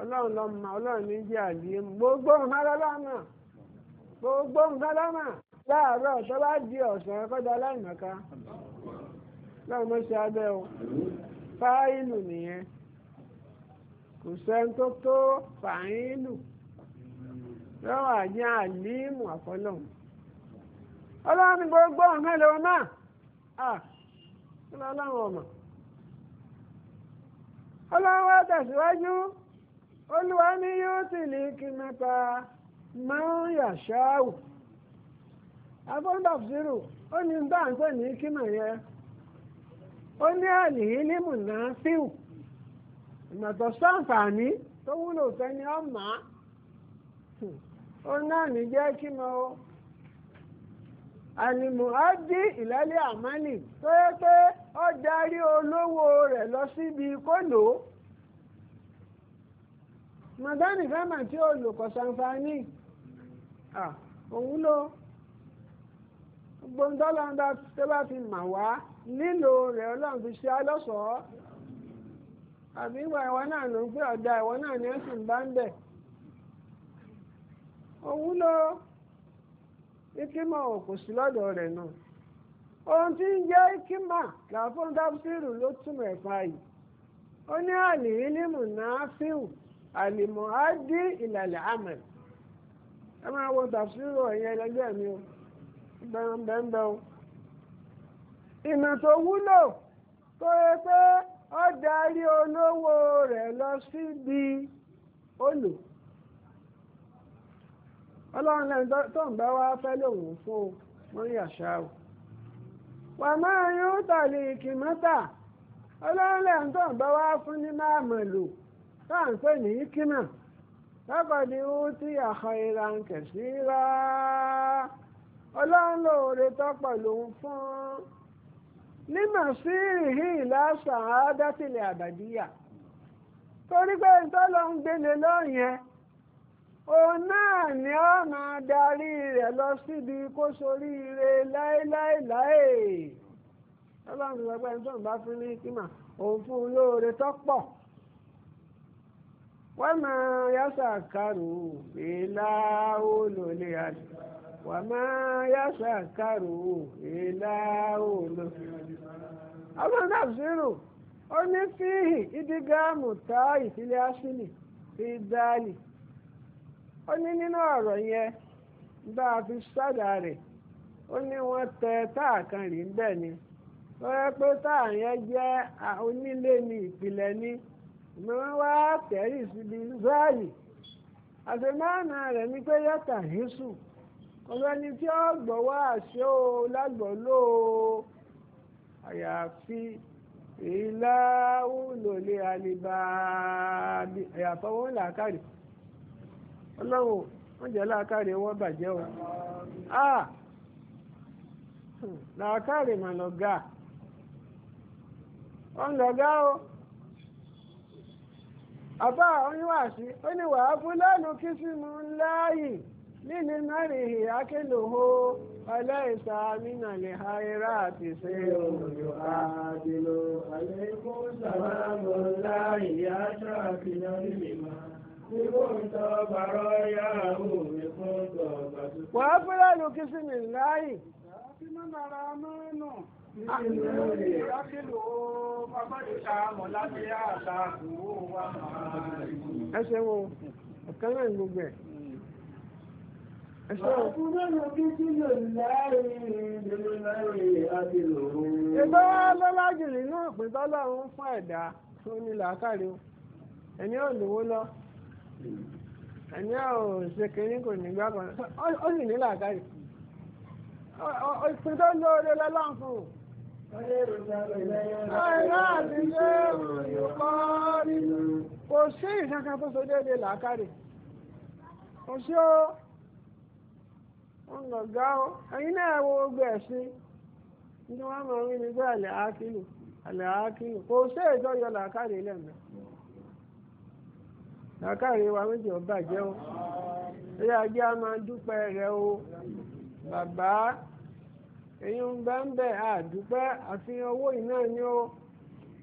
ọlọ́run lọ́mọ ọlọ́run ní jẹ́ àlìyé gbogbo nǹkan lọ́lọ́mọ gbogbo nǹkan lọ́mọ láàárọ̀ tó bá di ọ̀sán kọ́dọ̀ aláìmọ̀ká lọ́run mọ́ sí abẹ́ o fáìlù nìyẹn kò sẹ́ni tó tó fàáìlù lọ́wọ́ àjẹ́ àlímù àfọlọ́hùn ọlọ́run ní gbogbo nǹkan lọ́wọ́ náà ah ọlọ́run ọmọ ọlọ́run wá tẹ̀síwájú. olúwa yóò sì lè kí mẹ́ta máa ń yàṣáwò afọ́ńdàfṣírù ó ní bá ń pè ní kímọ̀ yẹn ó ní àlìhílímù náà fíù ìmọ̀tọ̀ sàǹfààní tó wúlò fẹ́ni ọ̀mà ó náà ní jẹ́ o àlìmọ̀ á dí àmánì pé ó darí olówó rẹ̀ moderni firma ti o loko sanfani ah o wulo gbondola ndaba filma wa lilo reola ti se aloso a bi igba iwa naa lori piada iwo naa ni otu nba nde o wulo ikimo okosi lodo re na o n ti nye ikima laafon dap si ruru lo tumo e fayi a ni iri nimu àlìmọ̀ á dí ìlàlẹ̀ ẹ máa wo tàfsírò ẹ̀yẹ ẹlẹgbẹ́ mi o bẹ́ẹ̀nbẹ́ẹ̀ o ìmọ̀ to wúlò tó yẹ pé ó darí olówó rẹ̀ lọ síbi ọlọ́run tó ń wá fẹ́ lòun fún wọ́n wà máa ọlọ́run lẹ́nu tó ń bá wá fún ní táà ń pè ní kínà lápàdé ó tí àkọ ìran kẹsí rà ọlọ́run lóore tọ́pọ̀ ló ń fún nímọ̀ sí ìhìn ìlàsàn àádọ́tìlẹ̀ àbàdíyà torí pé ìtọ́lọ ń gbélé lọ́yẹn òun náà ni ó máa darí rẹ̀ lọ síbi kó sorí ire láéláéláé ọlọ́run lọ́gbẹ́ tó ń bá fún ní kímà òun fún un lóore tọ́pọ̀. wàmà yásàkàrù ìlà olólè àlè wàmà yásàkàrù ìlà olólè. ọmọ náà zero ó ní fíhì ìdígàmù tá ìfilé asílì fi dálì ó ní nínú ọ̀rọ̀ yẹn bá a fi ṣáda rẹ̀ ó ní wọ́n tẹ O ni máa wá tẹ̀rí síbi záàyè àtẹ̀mọ́nà rẹ̀ ní pé yàtà hésù ọ̀gbẹ́ni tí ó gbọ̀wọ́ àṣẹ o lágbọ̀ló o àyàfi ìlà òlòlé àlìbá àyàfọ́ wọn làákàrí ọlọ́wọ́ wọ́n jẹ́ làákàrí wọ́n bàjẹ́ o ah! làákàrí mà lọ́gà wọ́n lọ́gà o àbá oníwàásí ó ní wàá fúlánù kí sínú láàyè líle mẹ́rìnhì akélòho ọlẹ́ìsà mínàlẹ̀ àìrá àti ṣe òyò àdìlò àlékún sàlámù láàyè aṣọ àfihàn líle máa. Wàá fúlánù kí sínú láàyè. Kí má bàrà mọ́rùn-ún ẹsẹ̀ ọ̀kan náà gbogbo ẹ̀ ẹsẹ̀ wo. ìgbà lọ́lájì nínú ìpín tọ́lọ́run fún ẹ̀dá tó ní làákàrí o ẹni ò lówó lọ ẹni ò ṣe kò ní gbàgbọ́n ó sì ní làákàrí ìpín tó lóore lọ́lọ́run fún un. Àìláàbí lẹ́rù ìpárí. Kò sí ìṣẹ́kan tó so déédéé làákàrè. Kò sí ó, wọ́n ó, ẹ̀yin náà wo ogun ẹ̀sìn. Ní wọ́n mọ̀ ní pé wa méjì a máa èyí ń bẹ́ ń bẹ́ àdúpẹ́ àfi owó iná ni ó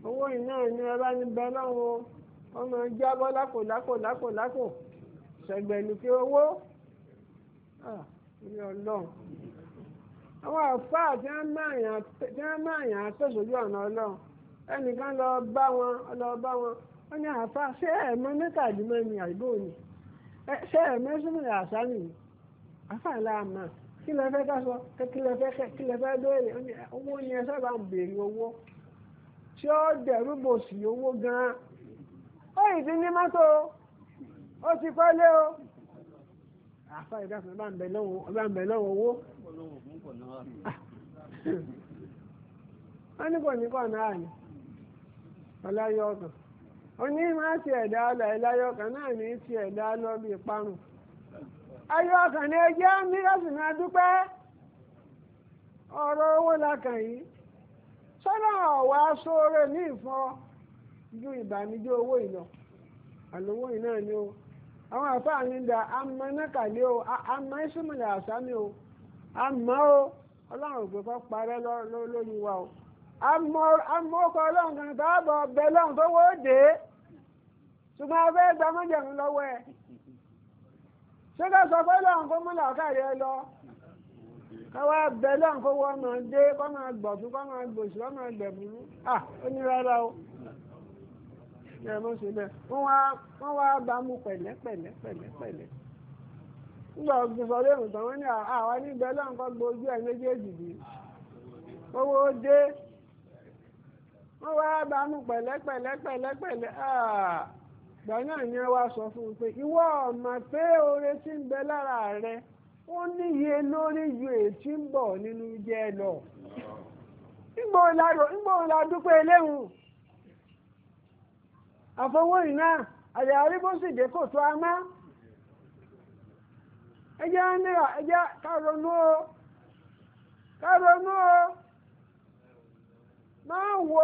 owó iná ni ẹ bá ní bẹ́ lọ́wọ́ ọmọ jábọ́ lákò lákò lákò lákò ṣẹ̀gbẹ̀nìkì owó ilé ọlọ́run àwọn àfáà tí wọ́n máa yàn àtẹ̀sójú ọ̀nà ọlọ́run ẹnìkan lọ bá wọn lọ bá wọn ó ní àfáà ṣé ẹ̀mọ́ mẹ́tàdínmọ́ ni àìbò ni ṣé ẹ̀mọ́ sínú àṣà nìyí àfáà láàmà kí fẹ́ ká sọ fẹ́ kí fẹ́ béèrè owó yẹn sábà ń béèrè owó tí ó dẹ̀rú bò sí owó gan-an ó yìí ti ní mọ́tò ó ti kọ́lé o àfa ìdáfẹ́ bá ń bẹ̀ lọ́wọ́ owó wọ́n ní kò ní kọ̀ náà ni ọláyọ̀ ọ̀kan oní máa ti ẹ̀dá ọlọ́ ẹ̀láyọ̀ ọ̀kan náà ní ti ẹ̀dá ọlọ́ bíi parun. ayọ̀ ọkàn ni ẹjẹ́ mírọ́sì máa dúpẹ́ ọ̀rọ̀ owó lakàn yìí sọ́nà ọ̀wá sóore ní ju ìbànújẹ́ owó ìlọ àlówó yìí náà ni o àwọn àfáà ní da àmọ́ nákàlẹ́ o àmọ́ ìsúnmọ̀lẹ̀ àsámi o àmọ́ o ọlọ́run o àmọ́ ọkọ̀ ọlọ́run kan tó àbọ̀ lọ́run tó wọ́ọ́ ṣé ká sọ pé lọ́n kó múlà káàrí ẹ lọ káwá bẹ lọ́n kó wọ́n máa dé kọ́ máa gbọ̀tún kọ́ máa gbòṣù kọ́ máa gbẹ̀bùrú à ó ní rárá o ẹ mọ̀ sí bẹ́ẹ̀ wọ́n wá bá mú pẹ̀lẹ́ pẹ̀lẹ́ pẹ̀lẹ́ pẹ̀lẹ́ nígbà ògbìfọ̀ lóhùn tán wọ́n ní àwọn níbẹ̀ lọ́n kọ́ gbójú ẹ̀ méjèèjì bí owó dé wọ́n wá bá mú pẹ̀lẹ́ pẹ̀lẹ́ pẹ̀lẹ́ pẹ̀lẹ́ ìgbà náà ni sọ fún un pé ìwọ ọ̀mà pé oore tí ń bẹ lára rẹ ó níye lórí ju ètí ń bọ̀ nínú jẹ́ lọ ńgbòhùn la dúpẹ́ eléhùn àfọwọ́ ìná àyà arígbósìdé kò tó a má ẹjẹ́ o o. máa wo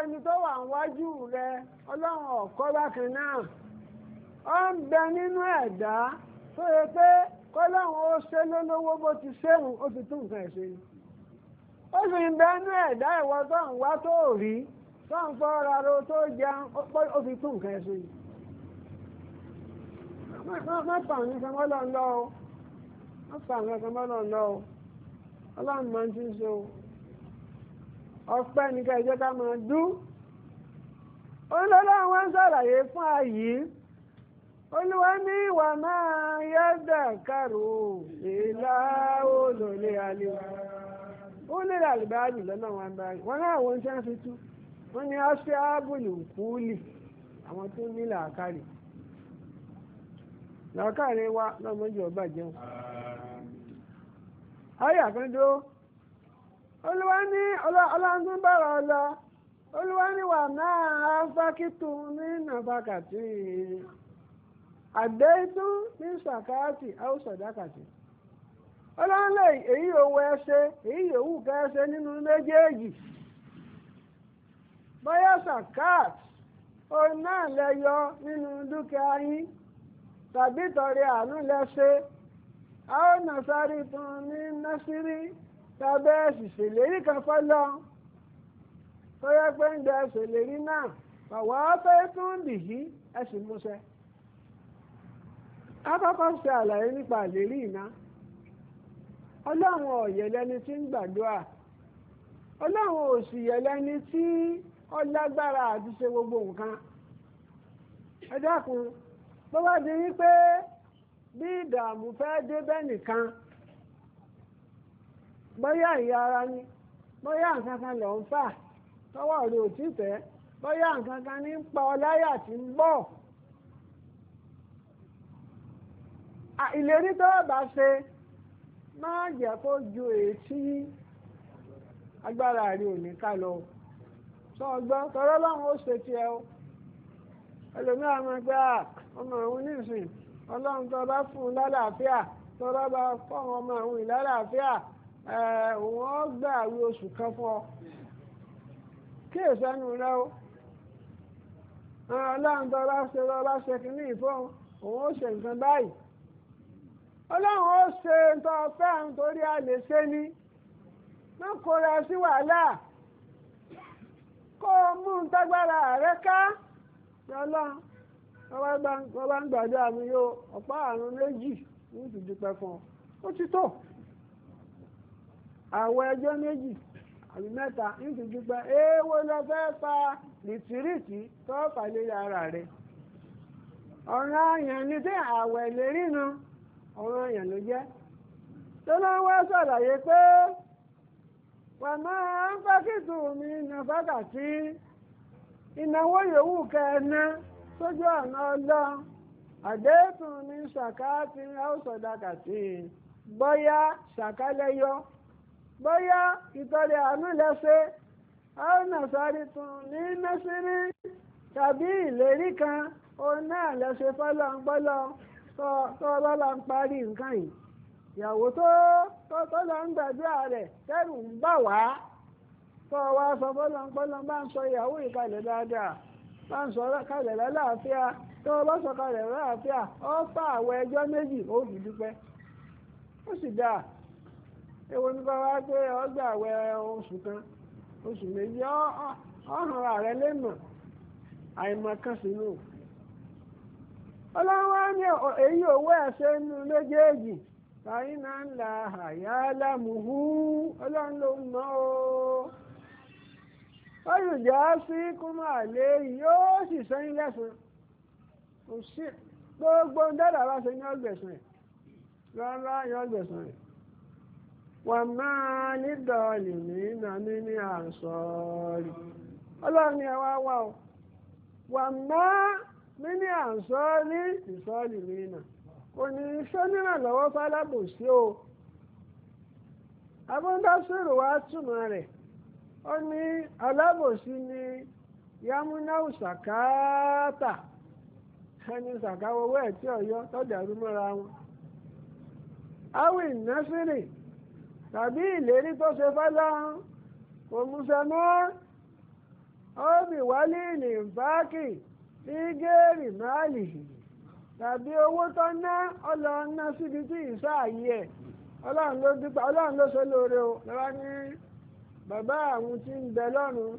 ẹni tó wà níwájú rẹ ọlọ́run ọ̀kọ́ bákan náà ó ń bẹ nínú ẹ̀dá tó yẹ pé kọ́lọ́run ó ṣe lólówó bó ti ṣéhùn ó fi tún nǹkan ẹ̀ṣẹ̀ ó sì ń bẹ nínú ẹ̀dá ìwọ tó ń wá tó rí tó ń fọ́ tó jẹun ó fi tún nǹkan ní ọlọ́run máa ń ṣe o. ọpẹ́ nìkan ìjọ ká máa dú olólà wọn ṣàlàyé fún àyí olúwa ní ìwà máa yẹ́dà kàrò ìlà olólè àlewà ó lérè àlùbáàbì lọ́nà wọn báyìí wọn náà wọn ṣe ń fi tú wọn ní aṣáábùlù kúùlì àwọn tó ní làákàrè làákàrè wa lọ́mọdé ọba jẹun. ayé àkàndó olúwa ní ọlọ́run lọ olúwa ní wà máa fákìtù ní nàfàkàtì àdéhùn ní sàkáàtì àwùsọ̀dákàtì ọlọ́run èyí yòówù ẹ èyí yòówù ká nínú méjèèjì bóyá sàkáàt òun náà lè nínú dúkìá yín tàbí tọrẹ àánú lẹ àwọn nàṣàrí tún ní násírí tàbẹ́ ẹ̀sì ṣèlérí kan fọ́lọ́ tọ́yẹ pé ń da ṣèlérí náà bàwá fẹ́ tún bì yí ẹ̀sìn múṣẹ. akọ́kọ́ ṣe àlàyé nípa àlérí iná ọlọ́run ọ̀yẹ̀ lẹni tí ń gbàdúrà ọlọ́run òsì yẹ̀ lẹni tí ó lágbára àti ṣe gbogbo nǹkan ẹ dákun bó bá di wípé bí ìdààmú fẹ́ dé bẹ́ẹ̀ nìkan bóyá ìyá ara ni bóyá nǹkan kan lọ ń fà tọwọ́ rẹ̀ ò tí nǹkan kan ní ń pa ọláyà láyà tí ń bọ̀. ìlérí tó bá ṣe máa jẹ́ kó ju agbára rẹ̀ sọ ọgbọ́n tọrọ ó ṣe tiẹ̀ o ọmọ òun ọlọ́run tó bá fún un lálàáfíà bá Eh, wọ́n gbà àwọn oṣù kan fọ́ kíyèsí ẹnu rẹ o eh, ọlọ́run tó bá ṣe lọ bá ìfọ́n òun ó ṣe nǹkan báyìí ọlọ́run ó ṣe torí a lè má sí wàhálà kó mú un tágbára rẹ àrùn méjì ní ó ti tó. àwọn ẹjọ́ méjì àbí mẹ́ta ń fi dúpẹ́ lọ fẹ́ pa lìtìrìtì tó lè ara rẹ̀ ọ̀rọ̀ àyàn ni tí àwọ̀ lè rínu ọ̀rọ̀ àyàn ló jẹ́ tó ló wá ṣàlàyé pé wà máa ń fákìtù mi fákàtí ìnáwó yòówù kẹ́ẹ̀ná sójú ọ̀nà ọlọ́ àdéhùn mi ṣàkáàtì bọ́yá ṣàkálẹ́yọ́ bóyá ìtọ́rẹ àánú lẹ́sẹ̀ ọ̀nà sáré ní nẹ́sírí tàbí ìlérí kan náà lẹ́sẹ̀ fọ́lọ́npọ́lọ́ tó lọ́la ń parí nǹkan yìí ìyàwó ń rẹ̀ tẹ́rù ń bà sọ bá ń sọ ìyàwó bá ń sọ bá sọ ewo ní bàbá pé ọgbà àwẹ̀ oṣù kan oṣù méjì ọ̀hún ààrẹ lẹ́nà àìmọ̀ kan sí nù. ọlọ́wọ́ ní èyí òwò ẹ̀ṣẹ̀ nínú méjèèjì tàyí náà ń la àyà lámùhú ọlọ́run ló o. olùjọ́ sí kúmọ̀ àlè yóò sì sẹ́yìn lẹ́sàn gbogbo ń dára wá sí ní ọgbẹ̀sán rárá yọ ọgbẹ̀sán rẹ̀. wa maa ní dọ̀ọ̀lì ní nàmí ní àǹsọ́ọ̀rì ọlọ́run ẹ wá wà ó wà máa ní ní àǹsọ́ọ̀rì ìsọ́ọ̀lì ní nà kò ní iṣẹ́ nírànlọ́wọ́ fálábòsí o abúndásírò wa túmọ̀ rẹ̀ ó ní alábòsí owó tàbí ìlérí tó ṣe fọ́lọ́run kò múṣẹ mọ́ ó bì wálé ìlì báàkì tí géèrì máàlì tàbí owó tó ná ọlọ́run ná síbi tí ìsáàyè ẹ̀ ọlọ́run ló ṣe lóore o lọ́wọ́ ní bàbá àwọn tí ń bẹ lọ́run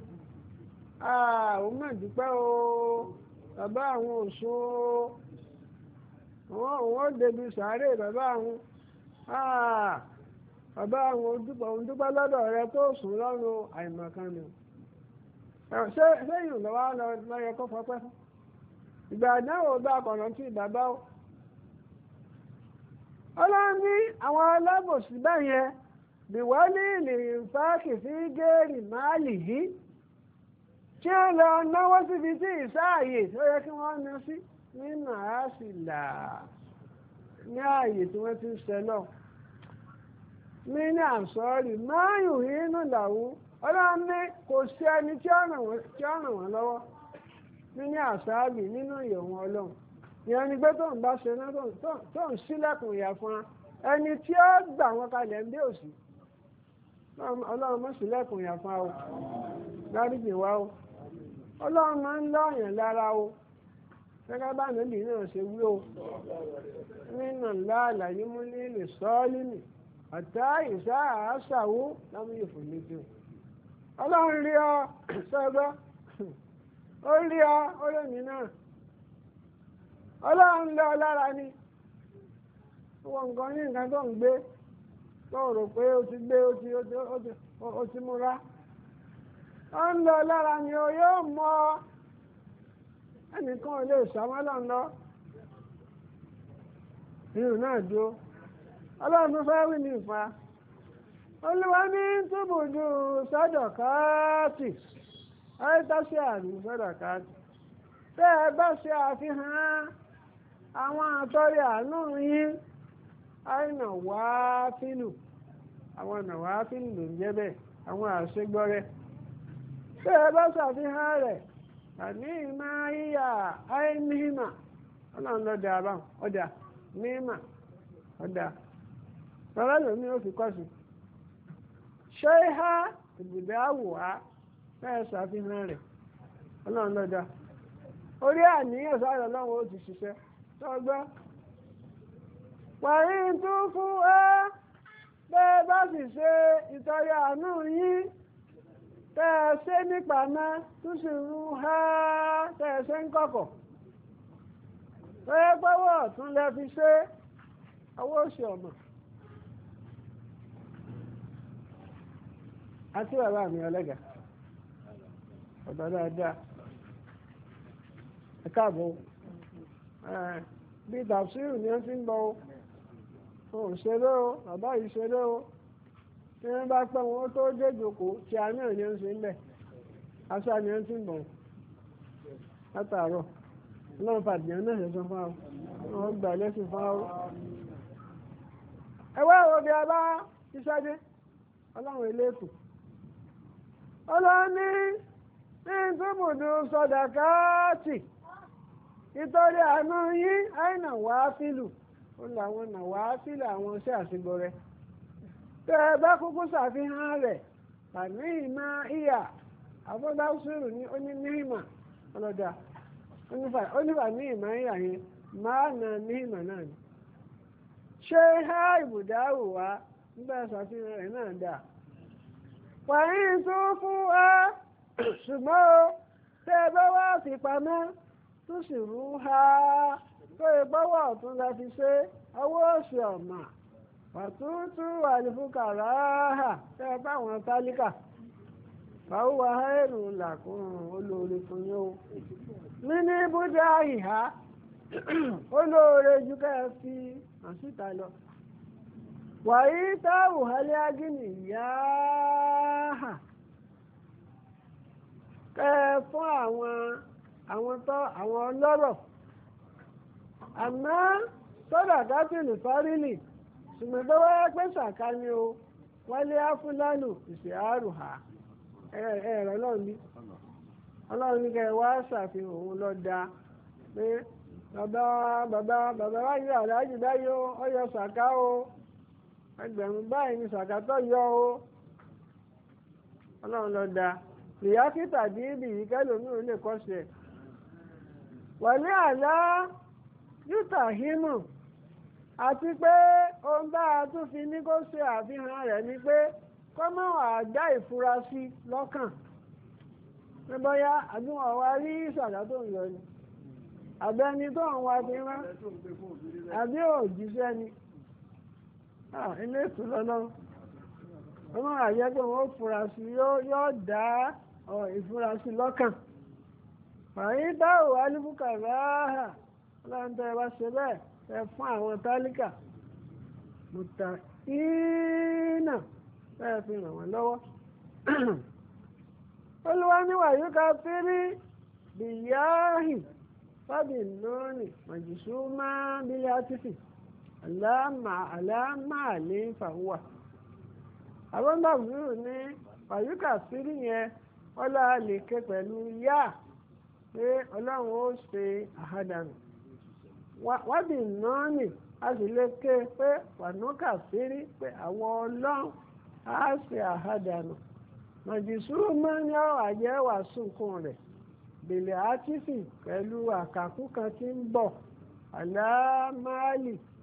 àwọn mọ̀ dúpẹ́ o bàbá àwọn òṣù o òun débi sàárè bàbá àwọn bàbá àwọn òdúpọ̀ òdúpọ̀ lọ́dọ̀ rẹ tó sùn lọ́rùn àìmọ̀kan ni ṣé yìí lọ́wọ́ lọ́yẹ kó fọpẹ́ fún ìgbà àdáwò bá kọ̀nà tí bàbá ó ọlọ́run ní àwọn alábòsí báyẹn bìwọ́lì ìlìyìn fáàkì sí géèrì máàlì yìí tí ó lọ náwó síbi tí ìsáàyè tó yẹ kí wọ́n ná sí ní màá ní ààyè tí wọ́n ti ń ṣe náà mí ní àǹsọ́ọ̀rì máa ń yùn inú làwù ọlọ́run ní kò sí ẹni tí ó ràn wọ́n lọ́wọ́ mí ní àṣáàbì nínú ìyẹ̀wọ̀n ọlọ́run ìyẹn ni pé tó ń bá ṣe náà tó ń sílẹ̀kùn ìyà fún wa ẹni tí ó gbà wọn kalẹ̀ ń bí òsì ọlọ́run mọ̀ sílẹ̀kùn ìyà fún wa o dáríjì wa o ọlọ́run máa ń lọ́ọ̀yàn lára o gẹ́gẹ́ bá nàbì náà ṣe wí o nínú láàlàyé mú ní ìlè sọ́ọ́lì nìyí àtá ìṣá àṣàwó lámúyè fún mi tí o ọlọ́run rí ọ sọgbọ́ [coughs] ó rí ọ olómi náà ọlọ́run lọ lára ni wọ́n nǹkan ní nǹkan tó ń gbé tó rò pé ó ti gbé ó ti múra ó ń lọ lára ni o yóò mọ ẹnìkan ò lè sàmọ́lọ́ ń náà dúró. ọlọ́run fẹ́ wí ní ìfà olúwa ní túbùdù sádọ̀káàtì àìtàṣe àrùn sádọ̀káàtì tẹ́ ẹ bá ṣe àfihàn àwọn àtọ́rí àánú yín àìnà wá fílù àwọn ọ̀nà wá fílù ló ń jẹ́ bẹ́ẹ̀ àwọn àṣegbọ́rẹ́ tẹ́ ẹ bá ṣàfihàn rẹ̀ àní ìmọ̀ ayíyà àìníhìmà ọlọ́run lọ́dà abáhùn ọjà níhìmà tọ́lá lómi ó fi kọ́sù ṣé ha ìbùdó àwò ha ṣàfihàn rẹ̀ ọlọ́run lọ́jà orí àníyàn sáré ọlọ́run ó ti ṣiṣẹ́ tọ́gbọ́ pàrí tó fún ẹ bẹ́ẹ̀ bá ṣe ìtọ́rẹ àánú yín tẹ́ ṣe nípa náà tó sì ń tẹ́ ṣe owó ṣe àti bàbá mi ọlẹ́gà ọ̀dọ́ dáadáa ẹ káàbọ̀ bí tàbísírù ni wọ́n ti ń gbọ́ o ò ṣeré o bàbá yìí ṣeré o tí wọ́n bá pẹ́ wọn tó dé tí a ni ti ń bẹ̀ aṣọ ni ti ń bọ̀ látàárọ̀ náà lẹ́sìn ẹwẹ́ òbí ọlọ́ni ní tóbùdù sọ̀dàkáàtì ìtọ́rẹ àánú yín àìnà wàá fìlù ó làwọn nà wàá fìlù àwọn iṣẹ́ àṣegbọrẹ tẹ ẹ bá kúkú ṣàfihàn rẹ pàmí ìmá ìyà àfọdáṣírù ní onímíhìmà ọlọ́dà onífàmí ìmá ìyà yẹn máa na náà ni ṣé ha ìbùdá wò nígbà ṣàfihàn rẹ̀ náà dáa. wàyí tó fún wa ṣùgbọ́n o tẹ́ ẹ bá wá fi pamọ́ tó sì rú ha tó ìbọ́wọ́ ọ̀tún la fi ṣe ọwọ́ òsì ọ̀mà pàtúntú àlùfùkàrà hà tẹ́ ẹ bá wọn tálíkà fàáwà ẹ̀rù làkún olóore fún yín o ní ní búdá ìhá olóore jù ká fi hàn lọ. wàyí táwù hálẹ́ agínì yááhà kẹ́ fún àwọn àwọn tọ́ àwọn ọlọ́rọ̀ àmọ́ sọ́dà dátìlì fárínì ṣùgbọ́n tó wáyé pé ṣàká o wálé áfúlánù ìṣèárù ha ẹ̀rọ náà ní ọlọ́run ní kẹ́ wá ṣàfihàn òun lọ da pé bàbá bàbá bàbá wáyé báyìí ó o. ẹgbẹ̀rún báyìí ni sàkátọ́ yọ o ọlọ́run lọ da ìyá kíta díìbì yìí kẹlòmíì ò lè kọ́sẹ̀ wọlé àlá yúta hímù àti pé ohun bá a tún fi ní kó ṣe àfihàn rẹ̀ ni pé kọ́mọ́ àdá ìfurasí lọ́kàn ní bóyá àdúgbò wa rí ìsàlá tó ń yọ ni àbẹ́ni tó ń wá ti rán àbí òjíṣẹ́ ni. ilé ètò lọ́nà wọ́n máa yẹ pé wọ́n fura sí yóò dá ìfurasí lọ́kàn fàyín dáhùn alíbùkà ráhà láńtọ́ ẹ bá ṣe bẹ́ẹ̀ ẹ fún àwọn tálíkà mùtà ìnà ẹ fi ràn wọ́n lọ́wọ́ olúwa níwà yóò ká fírí bìyáhì fábì lónìí màjùsú máa bílẹ̀ átífì. aláàmàlé ń fàwọ́ àbọ̀dàbùrù ní pàyíkà sírí yẹn ọlá lè ké pẹ̀lú yá pé ọlọ́run ó ṣe àhádànù wádì náà nì a sì lè ké pé pànúkà sírí pé àwọn ọlọ́run á ṣe àhádànù màjìsúrù máa ń yọ àjẹ́ wàásùnkún rẹ̀ bèlè átífì pẹ̀lú àkàkú kan tí ń bọ̀ aláàmàlì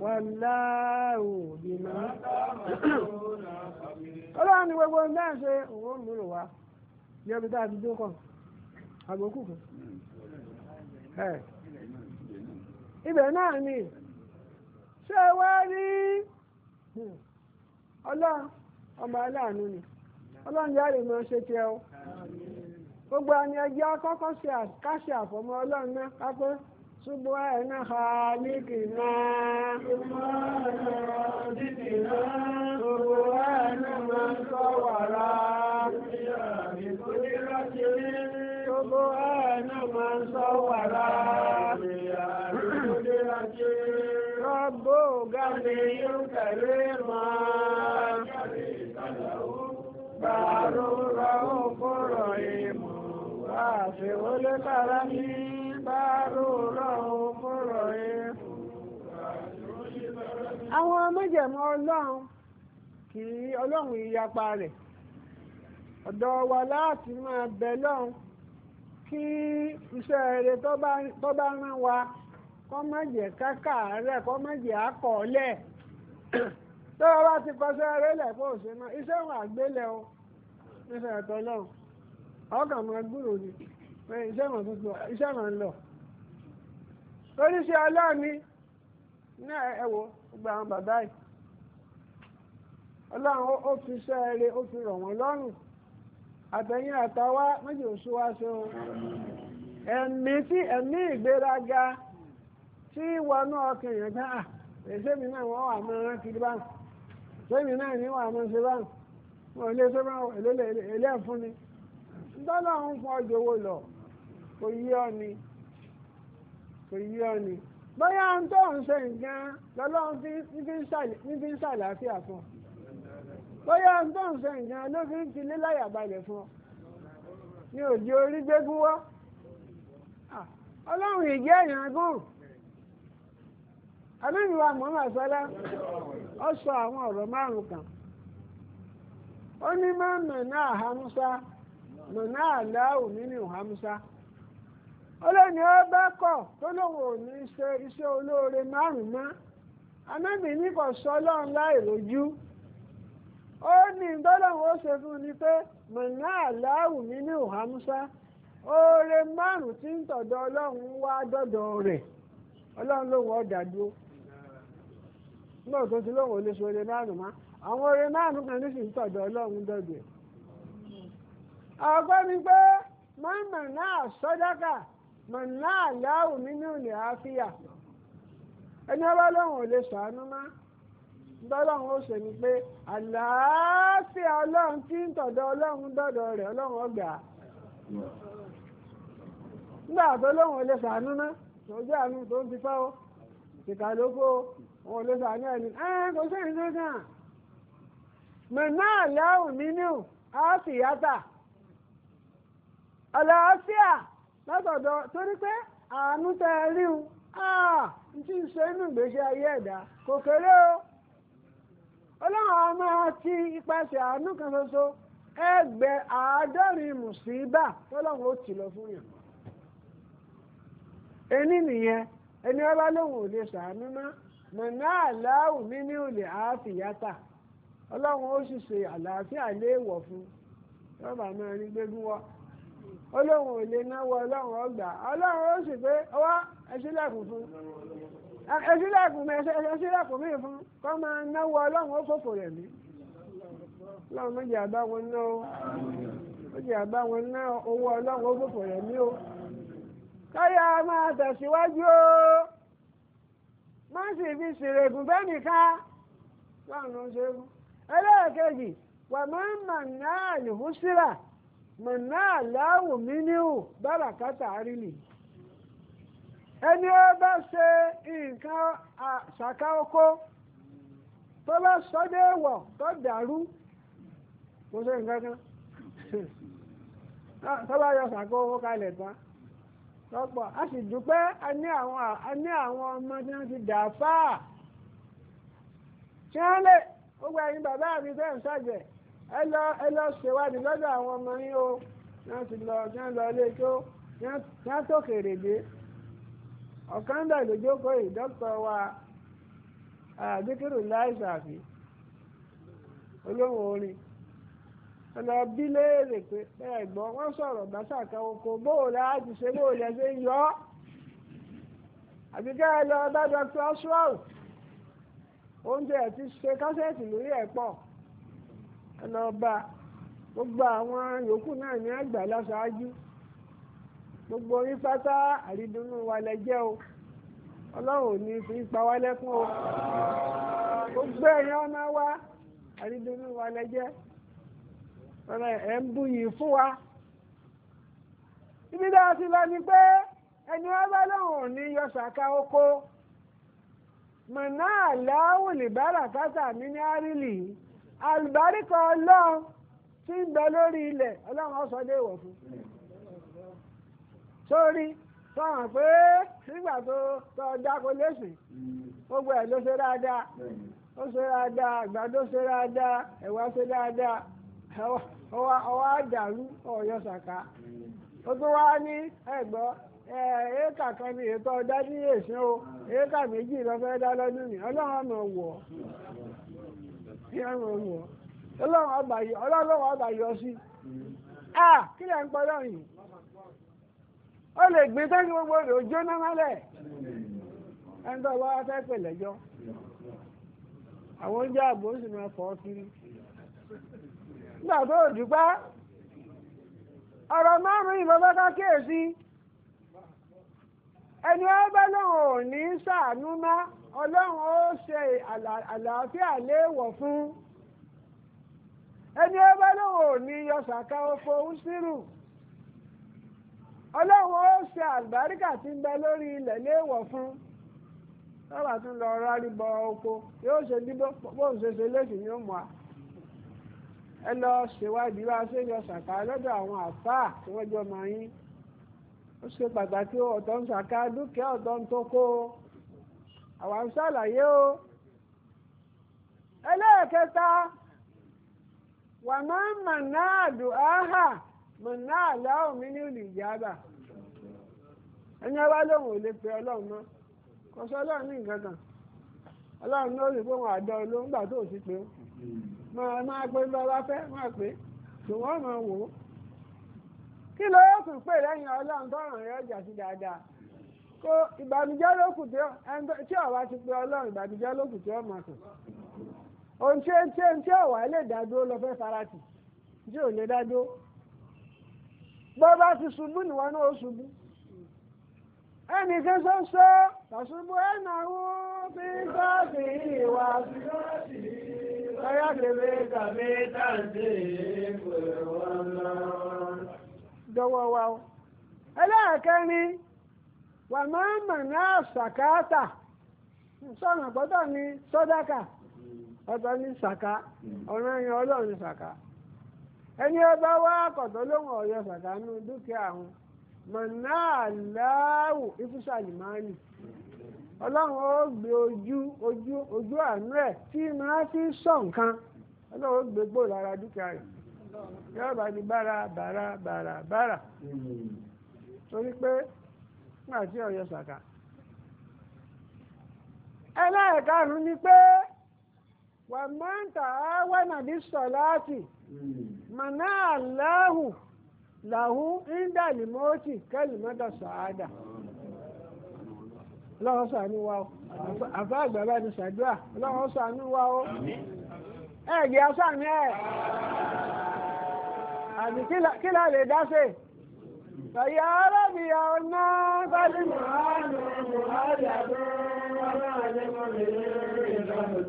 wàláhù bímọ. ọlọ́run ni gbogbo ń dáhùn ṣe òun múlò wá yẹbi tá a ti dúkọ̀ àgbókù kan. ibẹ̀ náà ni ṣé wá rí ọlọ́run ọmọ aláàánú ni ọlọ́run lè máa ṣe gbogbo ẹgbẹ́ akọ́kọ́ ṣe àfọmọ́ ọlọ́run náà kápẹ́. سبحان خالقنا سبحان خالقنا سبحان من صورا سبحان من صورا رب غني كريم بارو رؤوف رحيم واسع الكرم بار رؤوف رحيم àwọn mẹ́jẹ̀mọ́ ọlọ́run kì í ọlọ́run ìyapa rẹ̀ ọ̀dọ̀ láti máa bẹ̀ lọ́run kí iṣẹ́ rere tó bá rán wa kọ́ má jẹ́ kákàárẹ̀ kọ́ má àkọọ́lẹ̀ bá ti kọsẹ́ rẹ̀ lẹ̀ fún iṣẹ́ o ọkà gburu gbúrò ni iṣẹ́ mọ̀ tuntun iṣẹ́ mọ̀ lọ. torí ṣe aláàní ní ẹ̀wọ̀ gba àwọn bàbá yìí ọlọ́run fi iṣẹ́ ere o fi tí ẹ̀mí ìgbéraga tí wọnú ọkàn yẹn gbá à èsèmi náà wọ́n wà máa kiri èsèmi náà wà máa ṣe wọn ò lè ṣe dọ́là ń fún ọjọ́ owó lọ kò yí ọ ni kò yí ọ ni bóyá ń tó ń ṣe nǹkan lọ́lọ́run níbi ń ṣàlàáfíà fún ọ bóyá ń tó ń ṣe nǹkan ló fi ń filé láyà balẹ̀ fún ọ ní òjì orí gbégún wá ọlọ́run ìjẹ́ èèyàn gùn alóyìnbá Muhammad sọlá ó sọ àwọn ọ̀rọ̀ márùn kan ó ní mọ́mọ́ náà hamusa. mọ̀nà àláwù nínú hamsa olóòní ọba kọ̀ tó lóun ò ní ṣe iṣẹ́ olóore márùn-ún mọ́ anábì ní kò sọ ọlọ́run ó ní ìdọ́lọ́run ṣe fún ni pé mọ̀nà oore márùn ń tọ̀dọ̀ ọlọ́run wá dọ́dọ̀ rẹ̀ ọlọ́run ọjà dúró náà tó ti lóun ò lè ṣe oore àwọn oore márùn kan ní sì ń tọ̀dọ̀ ọlọ́run dọ́dọ̀ ọgbọ́n mi pé máa mọ̀ náà sọ́dákà mọ̀ náà láwù nínú ilẹ̀ àáfíà ẹni ọba lọ́wọ́n ò lè sàánú má dọ́lọ́run ó ṣe ni pé àlàáfíà ọlọ́run tí ń tọ̀dọ̀ ọlọ́run dọ̀dọ̀ rẹ̀ ọlọ́run ọgbà nígbà tó ò lè sàánú má àánú tó ń ti ló kó wọn ò lè sàánú ẹni àlàáfíà látọ̀dọ̀ torí pé àánú tẹ́ ẹ ríun ah, n tí ń ṣe inú ìgbésí ayé ẹ̀dá kò kéré o ọlọ́run a máa ti ipasẹ̀ àánú kan ṣoṣo ẹgbẹ́ àádọ́rin mùsíbà tọ́lọ́run ó lọ fún yàn eni nìyẹn ẹni ọba ò lè ṣàánú mọ́ mọ̀nà àláwù ọlọ́run ó sì ṣe àlàáfíà léèwọ̀ fún ní olóhùn ò lè náwó ọlọ́run ọgbà ọlọ́run ó sì pé ọwọ́ ẹsílẹ̀kùn fún ẹsílẹ̀kùn mi ẹsílẹ̀kùn mi fún kọ́ máa náwó ọlọ́run ó fòfò rẹ̀ mí ọlọ́run méjì àbá wọn ná o méjì àbá wọn ná owó ọlọ́run ó fòfò rẹ̀ mí o káyà máa tẹ̀síwájú o má sì fi ṣèrègùn bẹ́ẹ̀ nìkan lọ́run ló ṣe é fún ẹlẹ́ẹ̀kejì mọ̀nà àláwù mínú bárakátà ni ẹni ó bá ṣe nǹkan ṣàká oko tó bá sọ́dé wọ̀ tó dàrú kò ṣe nǹkan kan [laughs] tó bá yọ ṣàká oko kalẹ̀ tán lọ́pọ̀ a sì dúpẹ́ a ní àwọn ọmọ tí wọ́n ti dà fáà wọ́n lè bàbá mi fẹ́ ń ẹ lọ ṣèwádìí lọ́dọ̀ àwọn ọmọ yín o ti lọ wọ́n lọ ilé tó wọ́n tó kèrè dé ọ̀kan dà wa àdékèrò láìsàfì olóhùn orin ọ̀nà bí léèrè pé bẹ́ẹ̀ wọ́n sọ̀rọ̀ bàtà kan oko yọ ọ́ ti ṣe kásẹ̀tì lórí ẹ̀ ẹlọ́ba gbogbo àwọn yòókù náà ní àgbà lọ́sàájú gbogbo yín pátá àrídùnnú wa lẹ́jẹ́ o ọlọ́run ò ní fi pa wá lẹ́kún o gbogbo ẹ̀yàn ọmọ wa àrídùnnú wa lẹ́jẹ́ ọ̀rẹ́ ẹ̀ ń buyì fún wa ibi dáa sí lọ ni pé ẹni wá bá lóhùn ní yọ̀sàká oko mọ̀nà àlàáwò lè bára kátà mí ní árílì yìí. àlùbáríkà ọlọ́run tí ń bẹ lórí ilẹ̀ ọlọ́run ọ̀sọ́ fún sórí pé nígbà tó tọ́ dáko lẹ́sìn gbogbo ẹ̀ ló ṣe dáadáa ó ṣe dáadáa àgbàdo ṣe dáadáa ẹ̀wà ṣe dáadáa ọwọ́ ọ̀yọ́ ó tún wá ní ẹ̀gbọ́ kan ní ètò ọ̀dá ní ìrànwọ̀ òun ọlọ́run ọba yọ ọlọ́run ọba yọ sí kí lẹ̀ ń pọ́lọ́ yìí ó lè gbé tẹ́jú gbogbo rẹ̀ òjò ẹni tó bá fẹ́ pè àwọn oúnjẹ àbò sì ẹni ọba lóun ò ní ṣàánú má ọlọ́run ó ṣe àlàáfíà léèwọ̀ fún ẹni ọba lóun ò ní yọ sàkà oko ọlọ́run ó ṣe àlùbáríkà tí ń bẹ ilẹ̀ léèwọ̀ fún lọ́wọ́ tún lọ rárí oko yóò ṣe dídó bóun ṣe ṣe yóò a ẹ lọ ṣèwádìí wá ó ṣe pàtàkì ọ̀tọ̀ ń ṣàká dúkìá ọ̀tọ̀ ń o ń ṣàlàyé o ẹlẹ́ẹ̀kẹta wà máa ń mà náà dùn áhà mà náà láwọn ẹni ọba ò lè pe ọlọ́run mọ́ kò sọ ọlọ́run ní nǹkan kan ọlọ́run ní tó sì pé máa máa pé bá maa fẹ́ máa pé ṣùgbọ́n máa wò kí ló yóò tún pè lẹ́yìn ọlọ́run tọ́ràn rẹ̀ ọjà sí dáadáa kó ìbànújẹ́ lókù tí ọ̀wá ti pé ọlọ́run ìbànújẹ́ lókù tí ó máa tàn ohun ṣe tí tí ọ̀wá lè dádó lọ fẹ́ farati tí ò lè dádó bó bá ti ṣubú nìwọ náà ó ṣubú ẹnì kan tó ṣe tàṣubú ẹnà wú fi sọ́ọ̀sì ìwà kàmí wọn dọ́wọ́ wa o ẹlẹ́ẹ̀kẹrin wà máa ń mọ̀ ní àṣàkáàtà sọ̀nà gbọ́dọ̀ ní sọ́dákà ọ̀tọ̀ ní sàká ọ̀ràn yẹn ọlọ́run ẹni ọba wá kọ̀tọ̀ lóhùn ọ̀yọ́ sàká nú dúkìá àwọn mọ̀nà àláwù sọ nǹkan ọlọ́run ó gbé yóò bá di bára bára bára bára torí pé nígbà tí ọ̀yọ́ sàkà ni pé wà máa ń tà á wẹ́nà bí sọ̀láàtì màná àláhù làhú sàádà lọ́wọ́ sàánú wa ó ni lọ́wọ́ sàánú wa ó ẹ̀ẹ́dì àbí kí là lè dáṣe ṣàyà arábìyà ọ̀nà bájú mọ̀hánù mọ̀hánù àdún ọ̀nà àjẹmọ̀lẹ̀ ìdáhùn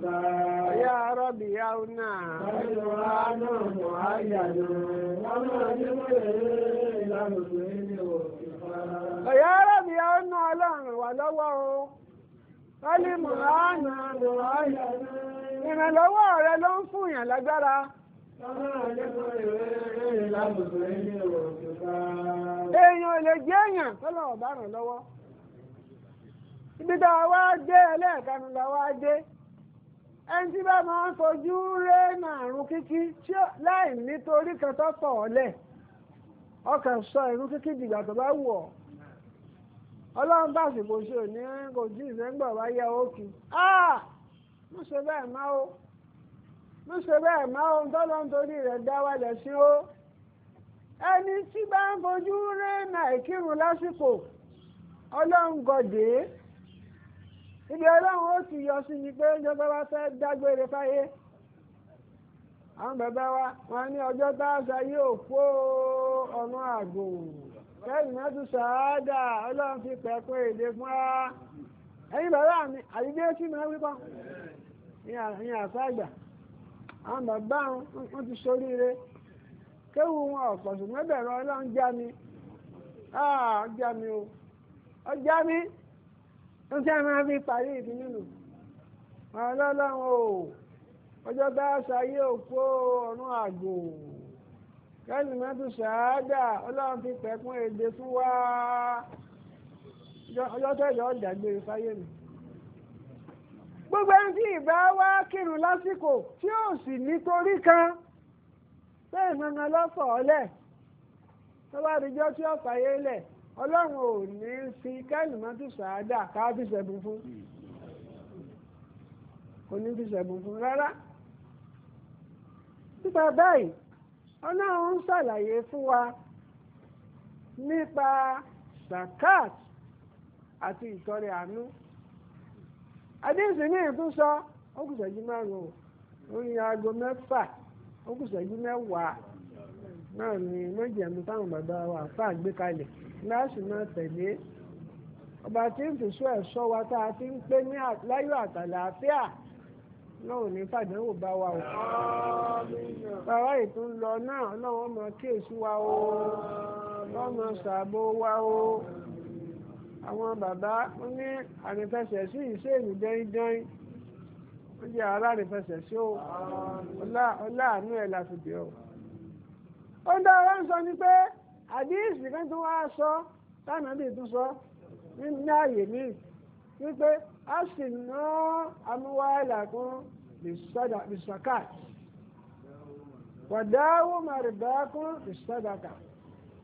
ṣàyà arábìyà ọ̀nà bájú mọ̀hánù mọ̀hánù àdún ọ̀nà ọlọ́run wà lọ́wọ́ o wọ́n lè mọ̀hánù mọ̀hánù ìrànlọ́wọ́ rẹ ló ń fún yàn lágbára. èèyàn lè jẹ́ èèyàn tọ́lọ̀ ọ̀bá lọ́wọ́ ibi a wá dé ẹlẹ́ẹ̀kanu la wá dé ẹni tí bá máa ń fojú kíkí láì nítorí kan tó pọ̀ ọkàn sọ irú kíkí dìgbà tó bá wù ọ́ ọlọ́run bá ṣe òní kò jí ìfẹ́ ń gbọ̀ wáyé ah mo ṣe bẹ́ẹ̀ máa mú ṣe bẹ́ẹ̀ má ohun tọ́lọ́ ń torí rẹ̀ dá wa lẹ̀ sí o ẹni tí bá ń fojú rẹ̀ nàìkírun lásìkò ọlọ́run ibi ọlọ́run ó ti yọ sí ni pé jọba wa fẹ́ dágbére fáyé àwọn bàbá wa wọn ní ọjọ́ tá a sọ yóò fó ọ̀nà àgbò kẹ́yìn náà tún sàádà ọlọ́run fi pẹ̀kún èdè fún wa ẹ̀yin bàbá mi àyíké sí mi wípọ́ ní àṣà àgbà. àwọn bàbá wọn ti ṣoríire kéwù wọn ọ̀pọ̀ ṣùgbọ́n bẹ̀rẹ̀ ọlọ́run já mi ọjà ah, mi o ọjà mi ń tẹ́ máa fi parí ìdí nínú ọlọ́run o ọjọ́ bá ṣayé òkú ọ̀run àgbò kẹ́lì máa tún ṣáájà ọlọ́run fi pẹ̀kún èdè fún wa ọjọ́ tẹ̀lé ọjà gbé ìfáyé e mi gbogbo ẹni tí ìbá wá kírun lásìkò tí ó sì nítorí kan bẹ́ẹ̀ gangan lọ́fọ̀ ọlẹ̀ tó bá dijọ́ tí ọ̀pá yé lẹ̀ ọlọ́run ò ní fi kẹ́lìmọ́tì sàádà ká fi ṣẹ̀bùn fún kò ní fi ṣẹ̀bùn fún rárá nípa báyìí ọlọ́run ń ṣàlàyé fún wa nípa zakat àti ìtọrẹ àánú. àdéhùn ní ìtún sọ ó kù ìṣẹ́jú márùn o, orí aago mẹ́fà ó kù mẹ́wàá náà ni méjèèmú táwọn bàbá wa fà gbé kalẹ̀ láàṣì máa tẹ̀lé ọba tí ń wa tá a ti ń pé ní láyọ̀ àtàlàáfíà náà ní fàdánwò bá wa o. bàbá ìtún lọ náà ọlọ́wọ́ máa kíyèsí wa o wa o. àwọn bàbá wọn ní àrífẹsẹ̀ sí ìṣe ìlú dẹ́ndẹ́n wọ́n jẹ́ ara àrífẹsẹ̀ sí o ọláàánú ẹ̀ láfìdí o. ó ń dára ń sọ ni pé àdíyèsí kan tó wá sọ táwọn àbí tún sọ ní ààyè míì wípé a sì ná amúwáìlà kún bisakat wàdáwó màrìbá kún bisadaka.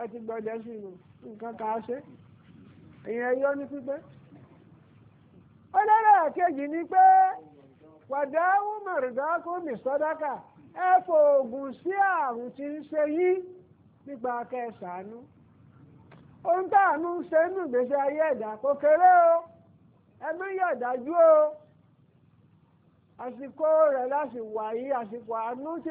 ẹ ti gbọ́dẹ̀ sí nǹkan kà ṣe èèyàn ní pípẹ́. kejì ni pé wàdáwù mọ̀rùdákù mi sọ́dákà ẹ fòògùn sí ààrùn ti ń ṣe yí nípa kẹsànánú ohun àánú. ń ṣe ayé o ẹnu yọ̀dájú o àsìkò rẹ̀ láti wà àsìkò àánú tí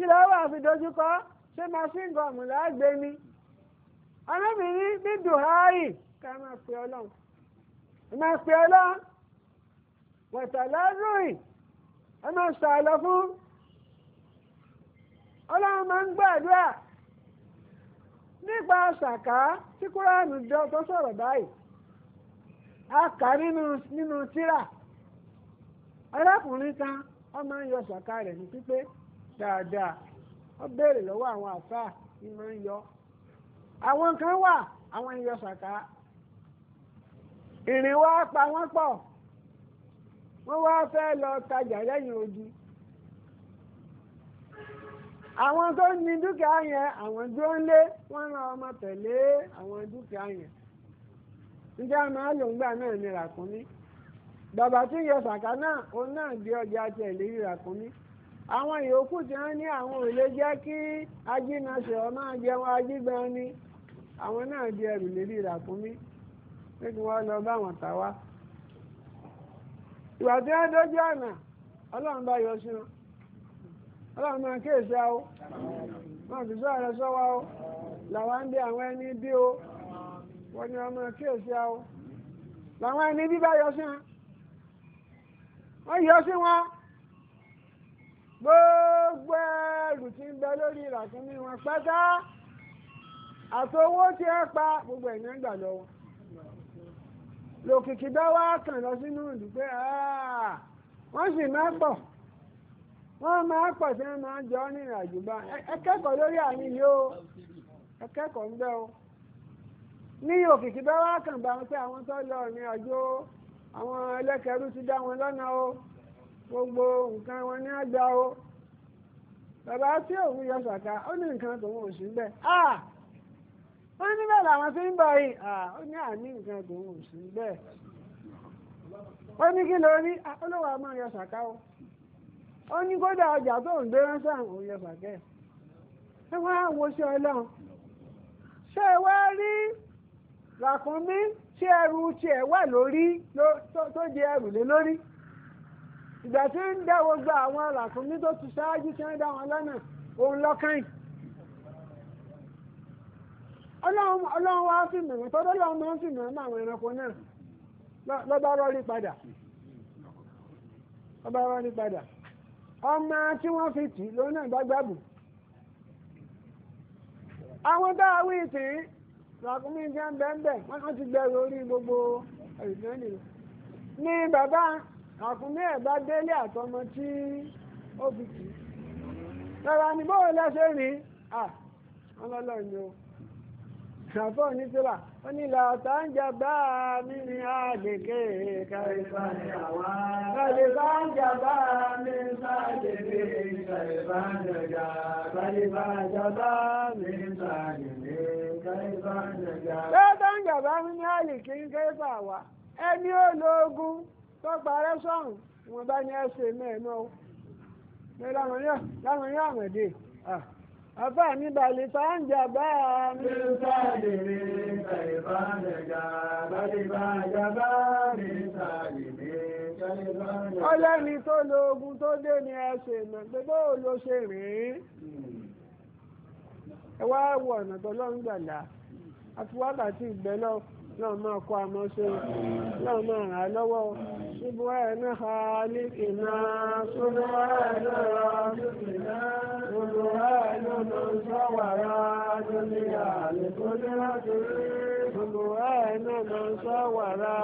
kí ló wà fi dojúkọ ṣé machine gun láàgbé mi ọlọ́mìnirí bí duhari ká máa pe ọlọ́run ẹ máa pe ọlọ́run wọ̀tàlá rúì ẹ máa ṣàlọ́ fún ọlọ́run máa ń gbàdúrà nípa ṣàká tí kúránù jọ tó sọ̀rọ̀ báyìí a nínú tírà arákùnrin kan ọmọ ń yọ ṣàká rẹ̀ ní pípé. dáadáa ó béèrè lọ́wọ́ àwọn àfáà ní ń yọ àwọn kan wà àwọn ìyọ sàkà. ìrìn wá pa wọ́n pọ̀ wọ́n wá fẹ́ lọ tajà lẹ́yìn ojú. àwọn tó ní dúkìá yẹn àwọn dúró lé wọ́n ran ọmọ tẹ̀lé àwọn dúkìá yẹn àmọ́ àlòǹgbà náà ni ràkúnmí bàbá tí ń yọ náà òun náà gbé ọjà ràkúnmí àwọn yòókù tí wọ́n ní àwọn ò jẹ́ kí ajínasẹ̀ ọmọ jẹun ajígbọn ni àwọn náà di ẹrù lérí ìràkúnmí pé kí wọ́n lọ bá wọn tà wá ìwà tí wọ́n dójú ọ̀nà ọlọ́run bá yọ sí wọn ọlọ́run máa kéèsì á ó máa fi sọ́ọ̀ sọ́wọ́ ó làwọn ń bí àwọn ẹni bí ó wọ́n ní ọmọ kéèsì á làwọn ẹni bí bá yọ sí wọn wọ́n yọ sí wọn. gbogbo ẹrù tí ń bẹ lórí ìràkúnmí wọn pátá àtowó pa gbogbo ẹ̀yìn ẹgbà lọ lòkìkí bá kàn lọ sínú ìlú wọ́n sì máa pọ̀ wọ́n máa pọ̀ máa jọ ní ìrìnàjò bá ẹ kẹ́kọ̀ọ́ lórí àmì yìí o ẹ kẹ́kọ̀ọ́ ń o ní òkìkí bá kàn bá wọn pé àwọn tó lọ ìrìnàjò ti dá wọn lọ́nà o. gbogbo nǹkan wọn ní àgbà o bàbá tí òun yọ sàkà ó ní nǹkan tòun ò sí ń bẹ wọ́n níbẹ̀ làwọn tí ń bọ̀ yìí ó ní àní nǹkan tòun ò sí ń bẹ ó ní kí ló ní olówó a máa yọ sàkà o ó ní kódà ọjà tó ń gbé ránṣẹ́ òun yọ sàkà ẹ̀ ẹ wá wo sí ọlọ́run ṣé ẹ wá rí ràkúnmí tí ẹrù tiẹ̀ wà lórí tó jẹ ẹrù lé lórí. ìgbà tí ń dá àwọn tó ti ṣáájú tí wọ́n dá wọn lọ́nà òun lọ́kàn ọlọ́run wá sí mìíràn tọ́dọ́ lọ́run máa ń sì náà àwọn ẹranko náà lọ́bá rọ́rí padà lọ́bá padà ọmọ tí wọ́n fi tì ló náà gbágbábù àwọn tá a wí tì jẹ́ bẹ́ẹ̀ bẹ́ẹ̀ wọ́n ti gbẹ̀rù orí gbogbo ni bàbá àkúnmí ẹ̀ bá délé àtọmọ tí ó fi kì í lọ́la ní bóòrùn lẹ́sẹ̀ rí ọlọ́lọ́ ni o ṣàfọ́ ní tíra ó ní làtà ń jà bá mi ní àdèké kàìfà ní àwa kàìfà ń jà bá mi ní sàdèké kàìfà ń jà kàìfà ń jà bá mi ní ẹni ológun tó parẹ́ sọ̀rùn wọn bá ní ẹsẹ̀ mẹ́ẹ̀mọ́ o ní láwọn yóò àmọ̀dé àbá mi balẹ̀ tá bá a. mi ń sáàlì mi kẹlẹ̀ bá ń jà balẹ̀ bá ń jà bá mi ń sáàlì mi kẹlẹ̀ bá ń jà. ọlẹ́ni tó lo ogun tó dé ní ẹsẹ̀ lo ṣe rìn ín. ẹ wá wọ ọ̀nà tó lọ́n gbàdá àti wákàtí ìgbẹ́ náà máa kọ́ àmọ́ ṣe náà máa ràn án lọ́wọ́ ṣubú ẹ̀ náà ha ní ìná ṣubú ẹ̀ náà rà ṣùgbìnà ṣubú ẹ̀ náà lọ sọ́wàrà dúnìyà lẹ́kọ́ níláṣẹ́ ṣubú ẹ̀ náà lọ sọ́wàrà